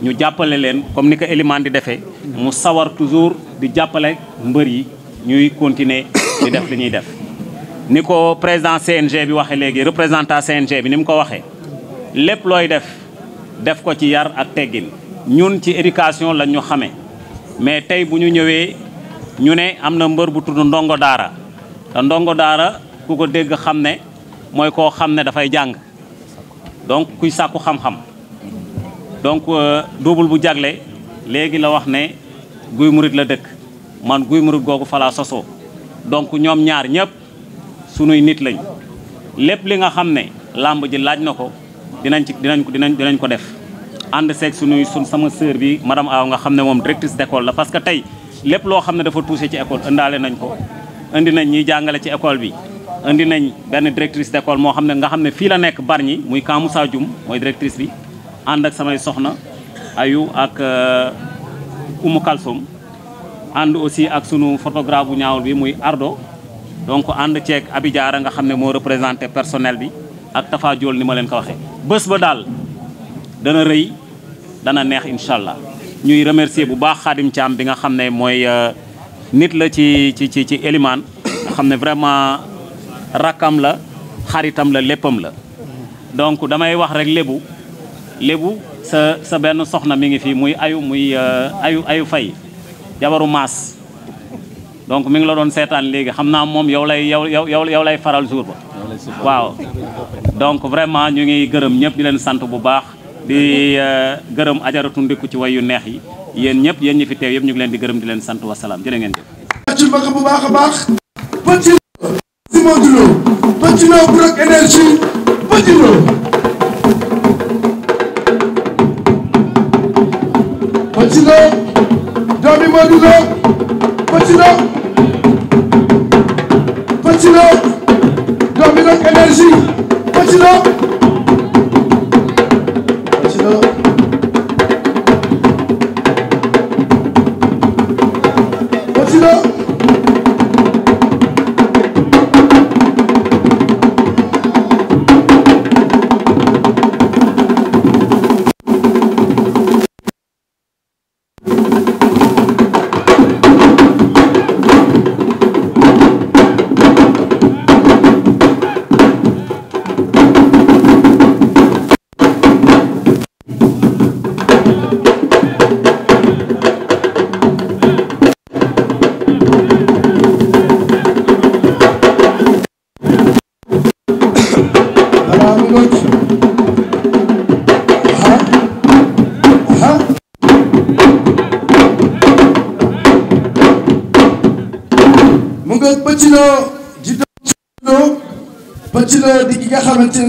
ñu jappalé leen comme ni ko Elimane di défé mu sawar toujours di jappalé mbër yi ñuy continuer di def liñuy def. ni ko président CNG bi waxee léegi représentant CNG bi ni mu ko waxee lépp looy def def ko ci yar ak teggin ñun ci éducation la ñu xamee mais tey bu ñu ñëwee ñu ne am na mbër bu tudd ndongo daara te ndongo daara ku ko dégg xam ne mooy koo xam ne dafay jàng donc kuy sàkku xam-xam donc euh, double bu jagle léegi la wax ne guy murit la dëkk man guy murit googu falaa sosoo donc ñoom ñaar ñëpp sunuy nit lañ lépp li nga xam ne làmb ji laaj na ko dinañ ci dinañ ko dinañ dinañ ko def ànd seeg sunuy sun sama sœur bi madame Aw nga xam ne moom directrice d'école la parce que tey lépp loo xam ne dafa touché ci école indaale nañ ko indi nañ ñiy jàngale ci école bi indi nañ benn directrice d'école moo xam ne nga xam ne fii la nekk Bargny muy kaamusa jum mooy directrice bi ànd ak samay soxna ayu ak euh, Oumou Kalsoum ànd aussi ak sunu photographe bu ñaawul bi muy Ardo donc ànd ceeg Abi Diarra nga xam ne moo représenté personnel bi ak Tafa Diol ni ma leen ko waxee. bés ba daal dana rëy dana neex incha allah ñuy remercier bu baax Xaadim Thiam bi nga xam ne mooy euh, nit la ci ci ci ci Elimane nga xam ne vraiment rakkam la xaritam la léppam la. donc damay wax rek lébu lébu sa sa benn soxna mi ngi fi muy ayu muy euh, ayu ayu fay jabaru maas donc mi ngi la doon seetaan légui xamna mom yow lay yow yow yow lay faral jour ba waaw donc vraiment ñu ngi gëreum ñëpp di leen sante bu baax di euh, gëreum ajaratu ndikku ci wayu neex yi yeen ñëpp yeen ñi fi tew yëpp ñu ngi leen di gëreum di leen wa salam jërë ngeen jëf ci mbaka bu baax a baax pëcc Simon Dulo pëcc loo Brock énergie pëcc loo pëcc loo doomi Modou Patino Patino Dominoc énergie Patino Patino Patino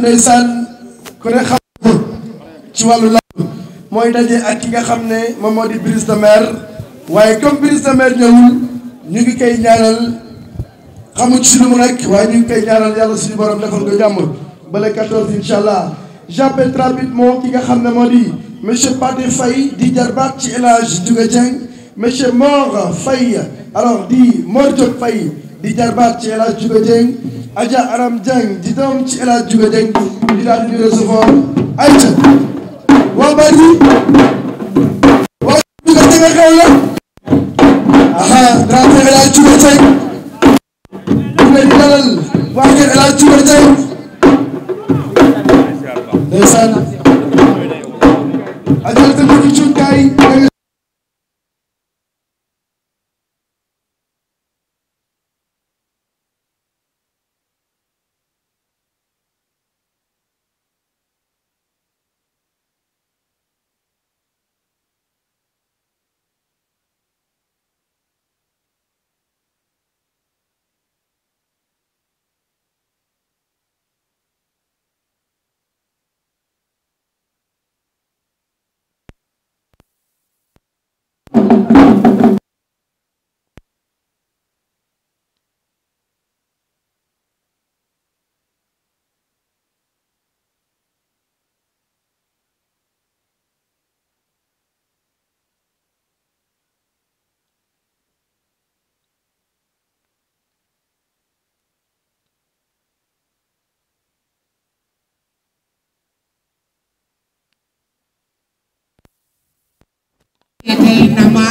ndeysaan ku ne xam ci wàllu làmb mooy daje ak ki nga xam ne moom moo di Brise de Mer waaye comme Brise de Mer ñëwul ñu ngi koy ñaanal xamu ci lu mu nekk waaye ñu ngi koy ñaanal yàlla suñu borom defal ko jàmm ba le 14 incha allah j'appelle rapidement ki nga xam ne moo di monsieur Pathé Faye di jarbaat ci El Hadj Diouga Dieng monsieur Mor Faye alors di Mor Diop Faye di jarbaat ci El Hadj Diouga Adja Aram Dieng di doom ci El Hadj Diouf Dieng di daal di recevoir Aïcha waa Bari Nama,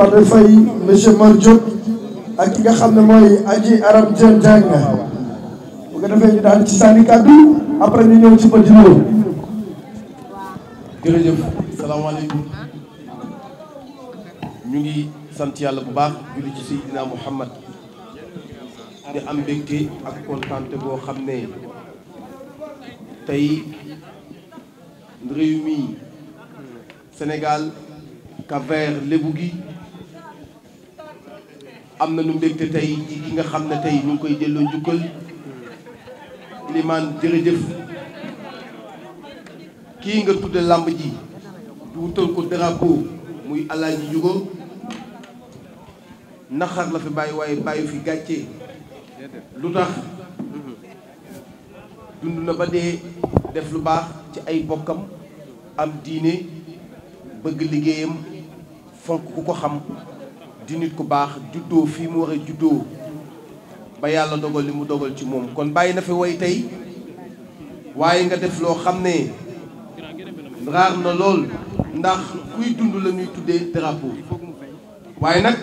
Bada Faye monsieur Mar Diop ak ki nga xam ne mooy Adji Arame Dieng Dieng bu nga defee ñu daan ci sànni kàddu après ñu ñëw ci ba juróom. jërëjëf salaamaaleykum ñu ngi sant yàlla bu baax julli ci Seydina Muhammad di am mbégte ak kontaante boo xam ne tey réew mi Sénégal Cap-Vert gi. am na nu mbégte tey ci ki nga xam ne tey ñu ngi koy jëloo njukkal limaan jërëjëf kii nga tudde làmb ji wutal ko drapeau muy alaaji Jugo naxar la fi bàyyi waaye bàyyi fi gàcce lu tax dund na ba dee def lu baax ci ay bokkam am diine bëgg liggéeyam fonk ku ko xam di nit ku baax juddo fii mu war a juddoo ba yàlla dogal li mu dogal ci moom kon bàyyi na fi way tey waaye nga def loo xam ne raar na lool ndax kuy dund la ñuy tuddee drapeau waaye nag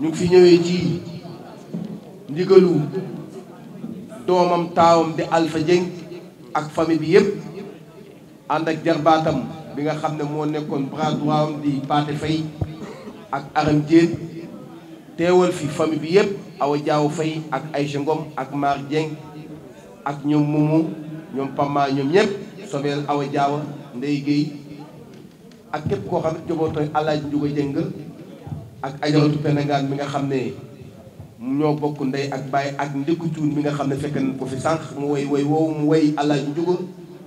ñu ngi fi ñëwee ci ndigalu doomam taawam di Alpha Dieng ak famille bi yëpp ànd ak jarbaatam bi nga xam ne moo nekkoon bras droit di Pathé Faye ak aram jéen teewal fi famille bi yëpp awa jaaw fay ak Aïcha Ngom ak Mar Dieng ak ñoom Momu ñoom Pamma ñoom ñëpp sobeel awa jaawa Ndeye Guèye ak képp koo xam ne jobooto Alaaji Jëng ak ajaratu Penengaan mi nga xam ne ñoo bokk ndey ak baay ak ndikku cuun mi nga xam ne fekk nañ ko fi sànq mu woy woy woowu mu woy Alaaji Njuga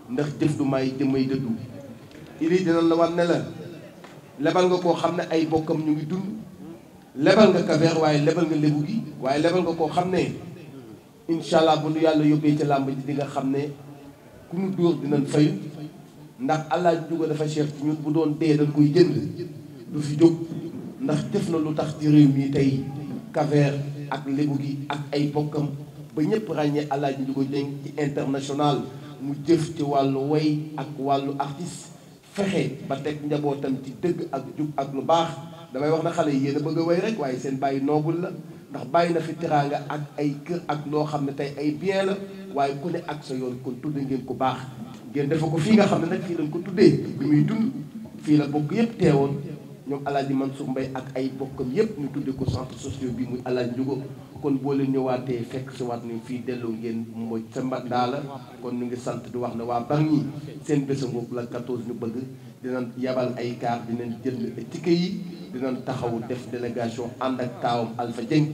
ndax jëf du may jëmmay dëddu ili dina la wan ne la lebal nga koo xam ne ay bokkam ñu ngi dund lebal nga Kaver waaye lebal nga lébu gi waaye lebal nga koo xam ne incha bu nu yàlla yóbbee ci làmb ji di nga xam ne ku nu dóor dinañ fayu ndax allah juga dafa cher ci ñun bu doon dee dañ koy jënd du fi jóg ndax def na lu tax ci réew mi tey Kaver ak lébu gi ak ay bokkam ba ñëpp ràññee allah juga dañ ci international mu jëf ci wàllu way ak wàllu artiste fexe ba teg njabootam ci dëgg ak jub ak lu baax damay wax na xale yi yéen a bëgg a way rek waaye seen bàyyi noogul la ndax bàyyi na fi teraanga ak ay kër ak loo xam ne tey ay bien la waaye ku ne ak sa yoon kon tudd ngeen ko baax ngeen defa ko fii nga xam ne nag fii lañ ko tuddee bi muy dund fii la bokk yëpp teewoon ñoom man Mansour mbay ak ay bokkam yëpp ñu tuddee ko centre social bi muy alaaji Ndiougo kon boo leen ñëwaatee fekk si waat ni fii delloo ngeen mboj sa mbag daa la kon ñu ngi sant di wax ne waa bang ñi seen bésangoog la 14 ñu bëgg dinañ yabal ay kaar dinañ jënd tike yi dinañ taxawu def délégation ànd ak taawam Alpha Dieng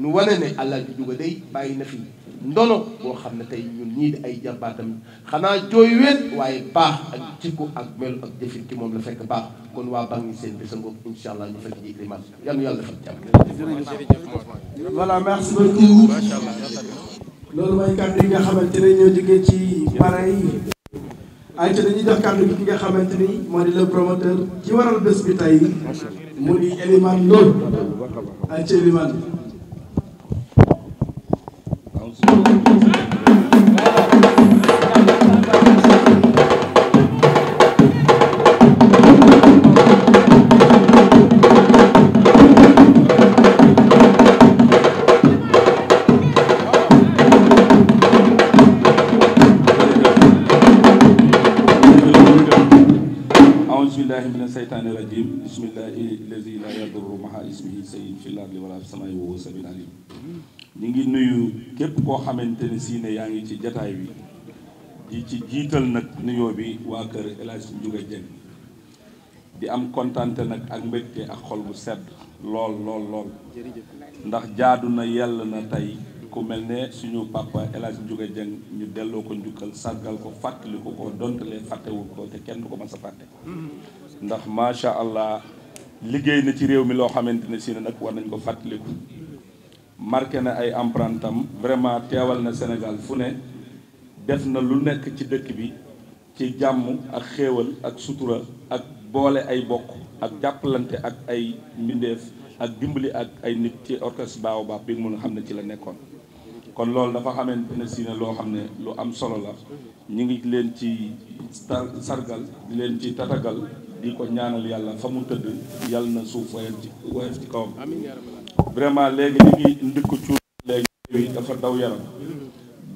ñu wane ne àlla ji duga day bàyyi na fi ndono boo xam ne tey ñun nii di ay jarbaatam xanaa jooy weet waaye baax ak jikko ak melu ak jëfin ci moom la fekk baax kon waa Bargny seen bés a ngoog incha allah ñu fekk ji limaam yàlla yàlla defal jàmm. voilà merci beaucoup. loolu mooy nga xamante ne ñoo jógee ci parrain yi. ay ca dañuy jox kàddu gi ki nga xamante ni moo di le promoteur ci waral bés bi tey mu di Elimane Ndour ismihi sayid fi lardi wala fi samaa'i wa sabil alim ñu ngi nuyu képp koo xamante ne siine yaa ngi ci jataay bi di ci jiital nag nuyo bi waa kër El Hadj Ndiouga di am kontante nag ak mbégte ak xol bu sedd lool lool ndax jaadu na yàlla na tey ku mel ne suñu papa El Hadj Ndiouga ñu delloo ko njukkal sàggal ko fàttali ko ko donte fàttewul ko te kenn du ko mas a fàtte mm-hmm. ndax macha allah liggéey na ci réew mi loo xamante ne si ne nag war nañ ko fàttaliku marqué na ay empreinte am vraiment teewal na Sénégal fu ne def na lu nekk ci dëkk bi ci jàmm ak xéewal ak sutura ak boole ay bokk ak jàppalante ak ay mbindeef ak dimbali ak ay nit ci orchestre Baobab bi mun a xam ne ci la nekkoon kon loolu dafa xamante ne si loo xam ne lu am solo la ñu ngi leen ci sargal di leen ci tatagal di ko ñaanal yàlla fa mu tëdd yàlla na suuf woyof ci woyof ci kawam vraiment léegi li ngi ndikk cuur léegi dafa daw yaram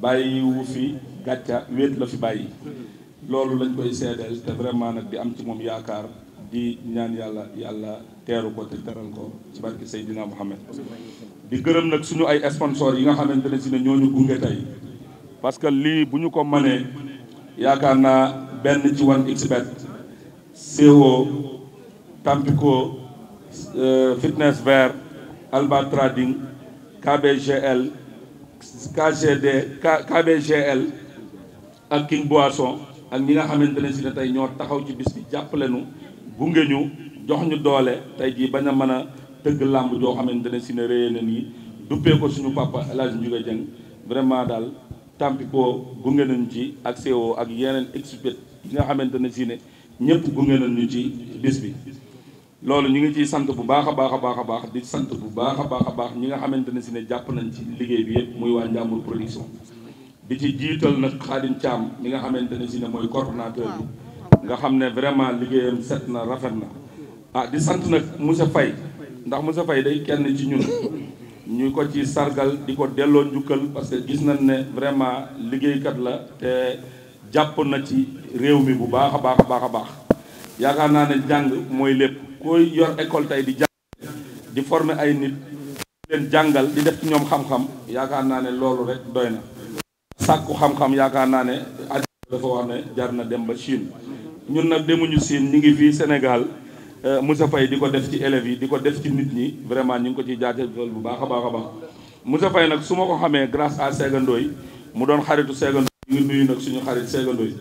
bàyyiwu fi gàcca wéet la fi bàyyi loolu lañ koy seedeel te vraiment nag di am ci moom yaakaar di ñaan yàlla yàlla teeru ko te teral ko ci barke Seydina Mohamed di gërëm nag suñu ay sponsor yi nga xamante ne si ne ñooñu gunge tey parce lii bu ñu ko mënee yaakaar naa benn ci wan xbet CO Tampico euh, Fitness Vert Alba Trading KBGL KGD KBGL ak King Boisson ak ñi nga xamante ne si ne tey ñoo taxaw ci bis bi jàppale nu gunge ñu jox ñu doole tey jii bañ a mën a tëgg làmb joo xamante ne si ne réyee na duppee ko suñu papa El Hadj Ndiouga vraiment daal Tampico gunge nañ ci ak CO ak yeneen experts yi nga xamante ne si ñëpp gunge nañ ñu ci bis bi. loolu ñu ngi ciy sant bu baax a baax a baax a baax di sant bu baax a baax a baax ñi nga xamante ne si ne jàpp nañ ci liggéey bi yëpp muy waa Njàmbur production di ci jiital nag Xaadim Thiam mi nga xamante ne si ne mooy coordonnateur bi nga xam ne vraiment liggéeyam set na rafet na ah di sant nag mu sa Faye ndax mu sa Faye day kenn ci ñun ñu ko ci sargal di ko delloo njukkal parce que gis nañ ne vraiment liggéeykat la te jàpp na ci réew mi bu baax a baax a baax a baax yaakaar naa ne jàng mooy lépp koy yor école tey di jàng di former ay nit leen jàngal di def ci ñoom xam-xam yaakaar naa ne loolu rek doy na sàkku xam yaakaar naa ne àddina dafa wax ne jar na dem ba Chine ñun nag demuñu Chine ñu ñi ngi fii Sénégal euh, Moussa Faye di ko def ci élèves yi di ko def ci nit ñi vraiment ñu ngi ko ciy jaajëfal bu baax a baax a baax Moussa Faye nag su ma ko xamee grâce à Séga mu doon xaritu Séga Ndoye ñu ngi nuyu nag suñu xarit Séga Ndoye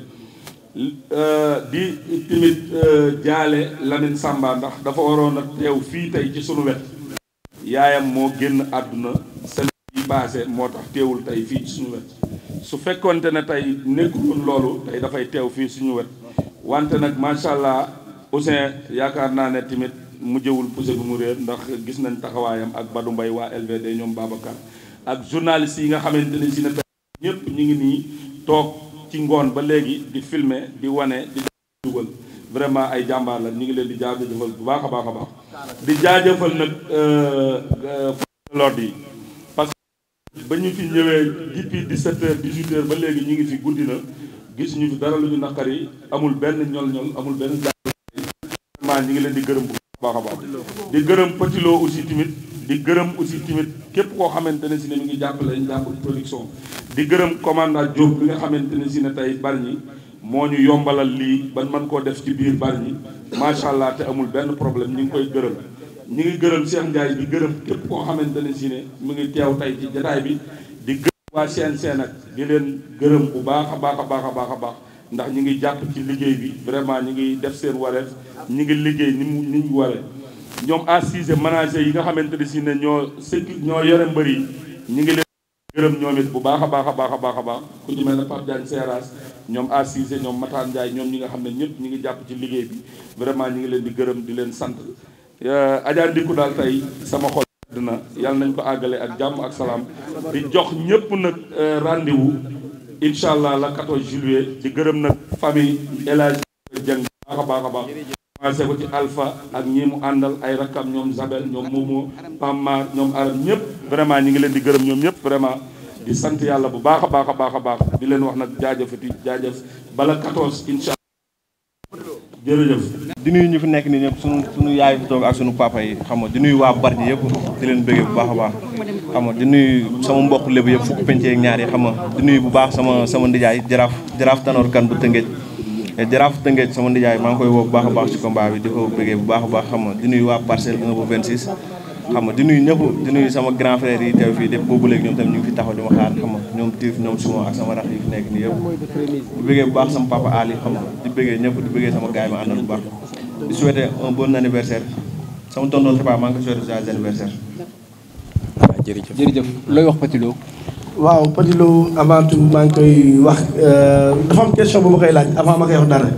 Euh, di timit euh, jaale Lamine Samba ndax dafa waroon a teew fii tey ci sunu wet yaayam moo génn àdduna semaine yi moo tax teewul tey fii ci suñu wet su fekkonte ne tey nekkuloon loolu tey dafay teew fii suñu wet wante nag macha allah Ousseyn yaakaar naa ne tamit mu jëwul poussé bu mu réer ndax gis nañ taxawaayam ak Badou Mbaye waa LVD ñoom Babacar ak journaliste yi nga xamante ne si tey ñëpp ñu ngi nii toog ci ngoon ba léegi di filme di wane di dugal vraiment ay jàmbaar la ñu ngi leen di jaajëfal bu baax a baax a baax di jaajëfal nag euh, euh, l'ordre yi parce que ba ñu fi ñëwee di depuis di heures 18 heures ba léegi ñu ngi fi guddi na gis ñu fi dara lu ñu naqari amul benn ñol-ñol amul benn jàmbaar ñu ngi leen di gërëm bu baax baax di gërëm Petit Lo aussi tamit di gërëm aussi tamit képp koo xamante ne si ne mi ngi jàppale ñu jàpp production di gërëm commandant Diop bi nga xamante ne si ne tey Bargny moo ñu yombalal lii ban man koo def ci biir Bargny macha allah te amul benn problème ñu ngi koy gërëm ñu ngi gërëm Cheikh Ndiaye di gërëm képp koo xamante ne si ne mu ngi teew tey ci jataay bi di gërëm waa CNC nag di leen gërëm bu baax a baax a baax a baax a baax ndax ñu ngi jàpp ci liggéey bi vraiment ñu ngi def seen wareef ñu ngi liggéey ni mu ni ñu waree ñoom assise manager yi nga xamante ne si ne ñoo sécu ñoo yore mbëri yi ñu ngi leen gërëm ñoom bu baax a a baax a baax a baax ku ci mel ne Pape Diagne Seras ñoom assise ñoom Mataan Ndiaye ñoom ñi nga xam ne ñëpp ñu ngi jàpp ci liggéey bi vraiment ñu ngi leen di gërëm di leen sant euh, Adja Ndiku daal tey sama xol dina yàlla nañ ko àggale ak jàmm ak salaam di jox ñëpp nag euh, rendez-vous incha allah la 14 juillet ci gërëm nag famille El Hadj Dieng baax a baax commencé ko ci Alpha ak ñi mu àndal ay rakkam ñoom Zabel ñoom Momo Pammar ñoom Aram ñëpp vraiment ngi leen di gërëm ñoom ñëpp vraiment di sant yàlla bu baax a baax a baax a baax di leen wax nag jaajëfati jaajëf bala 14 incha allah jërëjëf di nuyu ñu fi nekk nii ñëpp sunu suñu yaay fi toog ak sunu papa yi xam nga di nuyu waa Bargny yëpp di leen bëggee bu baax a baax xam nga di nuyu sama mbokk lébu yëpp fukk penc ak ñaar yi xam nga di nuyu bu baax sama sama ndijaay jaraaf jaraaf tanoor kan bu tëngéej Eh, jaraaf Tëngéej sama nijaay maa koy woo bu baax a baax ci combat bi di ko bëggee bu baax baax xam nga di nuyu waa parcelle 1 bu 26. xam nga di nuyu ñëpp di nuyu sama grand frère yi teew fii def boobu léegi ñoom tam ñu fi taxaw di ma xaar xam nga ñoom tiif ñoom suma ak sama rax yi fi nekk nii yëpp di bëggee bu baax sama papa Ali xam nga di bëggee ñëpp di bëggee sama gaay ma àndal bu baax di souhaiter un bon anniversaire sama tonton Papa maa ngi ko souhaiter joyeux anniversaire looy wax Petit waaw Petit Lo avant tout maa ngi koy wax euh, dafa am question bu ma koy laaj avant ma koy wax dara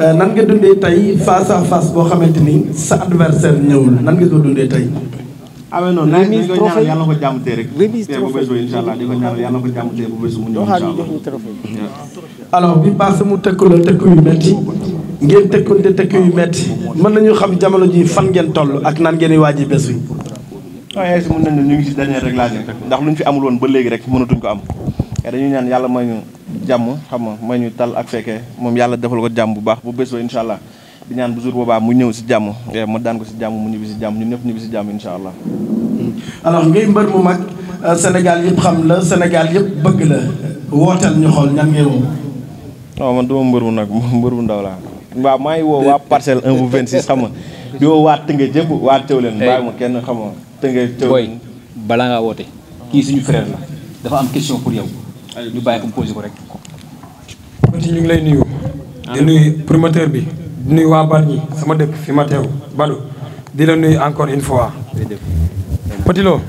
euh, nan nga dundee tey face à face boo xamante ni sa adversaire ñëwul nan nga ko dundee tey. amee na ngeen ko ñaanal yàlla ko jàmm tey rek. bu bés bu incha allah di ko ñaanal yàlla ko jàmm tey bu bés bu ñëw incha allah. alors bi passé mu tëkku la yu metti ngeen tëkkunte tëkku yu metti mën nañu xam jamono ji fan ngeen toll ak nan ngeen di waaj bés wi. waaye si mën nañ ne ñu ngi si dernier réglage ndax lu ñu fi amul woon ba léegi rek mënatuñ ko am te dañuy ñaan yàlla may jàmm xam nga may ñu tal ak fekkee moom yàlla defal ko jàmm bu baax bu bés ba incha allah di ñaan bu jour boobaa mu ñëw si jàmm ma daan ko si jàmm mu ñibbi si jàmm ñun ñëpp ñibbi si jàmm incha allah alors ngay mbër mu mag euh, Sénégal yëpp xam la Sénégal yëpp bëgg la wootal ñu xool ñan ngay woo non man duma mbër mu nag mbër mu ndaw laa waaw maa ngi woo waa parcelle 1 bu 26 xam nga di woo waa Tëngéej yëpp waa Thiawlène bàyyi ma kenn xam tënkee booy balaa ngaa woote. kii suñu frère la dafa am question pour yow. ñu bàyyi ko mu posé ko rek. Fati ñu ngi lay nuyu. di nuyu promoteur bi. di nuyu waa Bargny sama dëkk fi ma teew Balu di la nuyu encore une fois. Petit Lo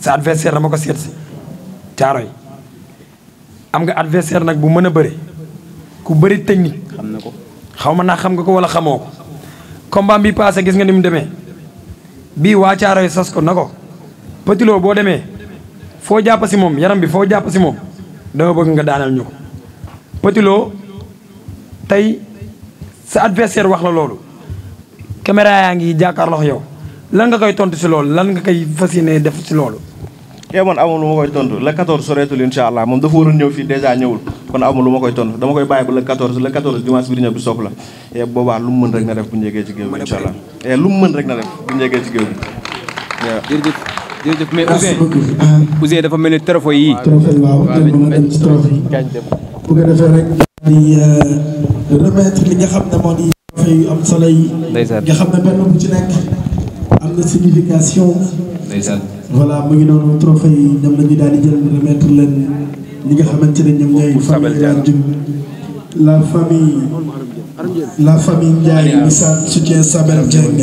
sa adversaire dama ko seet si yi am nga adversaire nag bu mën a bari ku bëri technique. xam na ko xaw ma naa xam nga ko wala xamoo ko. combat bi passé gis nga ni mu demee. bii waa Caaroy sas ko na ko Petit Lo boo demee foo jàpp si moom yaram bi foo jàpp si moom dama bëgg nga daanal ñu ko Petit tey sa adversaire wax la loolu caméra yaa ngi jàkkaarloo yow lan nga koy tontu si lool lan nga koy fas yéene def ci loolu kee eh, man amul lu ma koy tontu le 14 soreetul incha allah moom dafa waroon ñëw fii dèjà ñëwul kon amul lu ma koy tontu dama koy bàyyi ba le 14 le 14 dimanche bi di ñëw bi sopp la e boobaa lu mu mën rek na def bu njegee ci géew bi eh, bu njegee mais Ouzin dafa mel ni trophée yi ah, trophée waaw mën a dem ci trophée bu ko defee rek di euh, remettre li nga xam ne moo di trophée yu am solo yi nga xam ne benn ci nekk am na signification. ndeysaan. mu ngi noonu trophée yi ñoom la ñu daal di jël remettre leen ñi nga xamante ne ñoom ñooy. famille la euh, la famille la famille Ndiaye Missane soutien Sabel Dieng.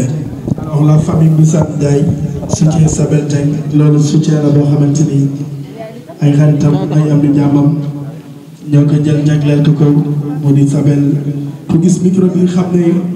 donc la famille Missane Ndiaye soutien Sabel Dieng loolu soutien la boo xamante ni ay xaritam ay am di jàmmam ñoo ko jël jagleel ko ko mu di Sabel ku gis micro bi xam ne.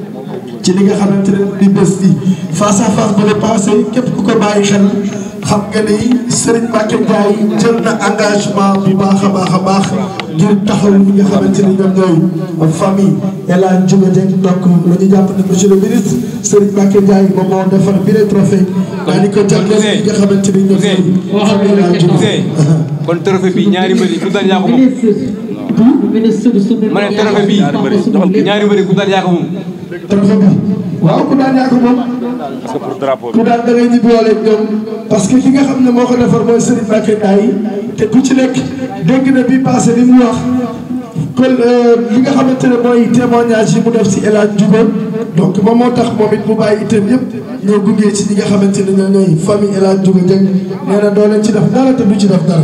ci li nga xamante ne di bés bi face à face bu ne passé képp ku ko bàyyi xel xam nga ni Serigne Mbacké Ndiaye jël na engagement bu baax a baax a baax ngir taxaw li nga xamante ni ñoom ñooy famille El Hadj Diouf Dieng donc la ñu jàpp ne monsieur le ministre Serigne Mbacké Ndiaye moom moo defar bi le trophée daa di ko jagleel li nga xamante ni ñoom ñooy kon trophée bi ñaari mbër yi ku daan yaa ko moom ma ne trophée bi ñaari mbër yi ku daan yaa ko moom te bu waaw ku daan yaa ko moom. parce que pour drapeau bi ku daan da ngay ñibbiwaale ñoom. parce que ki nga xam ne moo ko defar mooy Serigne Mbacké Ndiaye te ku ci nekk dégg na bi passé li mu wax. kon euh, li nga xamante ne mooy témoignage yi mu def si El Hadj donc moom moo tax moom it mu bàyyi itam yëpp ñoo gunge ci ñi nga xamante ne ñooy famille El Hadj Diouf Dieng nee na doo leen ci def dara te du ci def dara.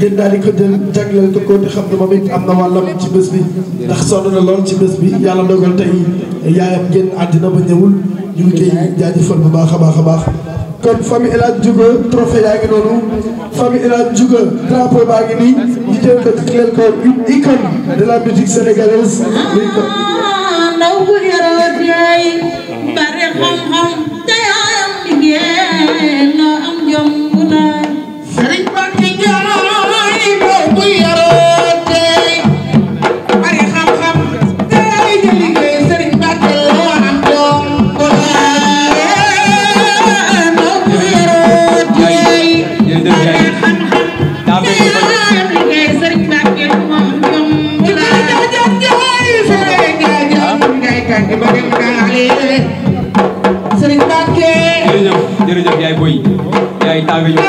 ngeen daal di ko jël jagleel ko ko di xam ne moom am na wàllam ci bés bi ndax sonn na lool ci bés bi yàlla dogal tey yaayam ngeen àddina ba ñëwul ñu ngi koy jaajëfal bu baax a baax a baax. kon famille El Hadj Diouf trophée yaa ngi noonu famille El Hadj Diouf drapeau baa ngi nii ñu jël ko ko une icône de la musique sénégalaise. boy yaay tawé ñu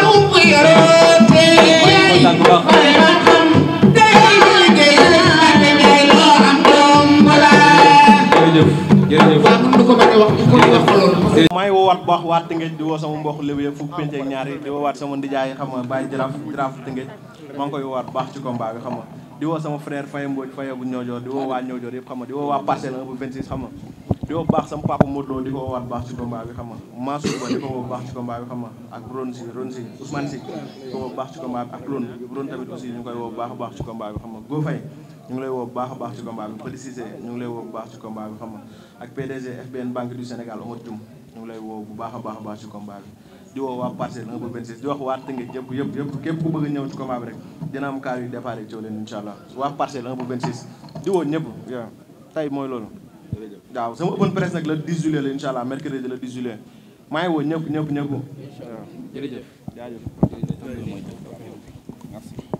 may woowaat baax waat tëngëj di woo sama mbokk lébu yëpp fu pénc ak ñaar yi di woowaat sama ndijaay xam nga bàyyi jaraaf jaraaf tëngëj maa ngi koy woowaat baax ci combat bi xam nga di woo sama frère Faye Mbodj Faye di woo waa Ñoojoor yëpp xam nga di woo waa Parcelles 26 xam nga di ko baax sama papa Modou Lo di ko waat baax ci combat bi xam nga Mansour Ba di ko woo baax ci combat bi xam nga ak Ron si Ron si Ousmane si di ko baax ci combat bi ak Ron Ron tamit aussi ñu ngi koy baax baax ci combat bi xam nga Go Faye ñu ngi lay woo baax baax ci combat bi Félicité ñu ngi lay woo bu baax ci combat bi du Sénégal Omar Dioum ñu lay woo baax baax baax ci combat bi di woo waa parcelle la nga bëgg benn di wax waa Tëngéej yëpp yëpp yëpp képp ku bëgg a ñëw ci combat waaw sama open press nag le 10 juillet la incha allah mercredi le 10 juillet maa ngi woo ñëpp ñëpp ñëpp.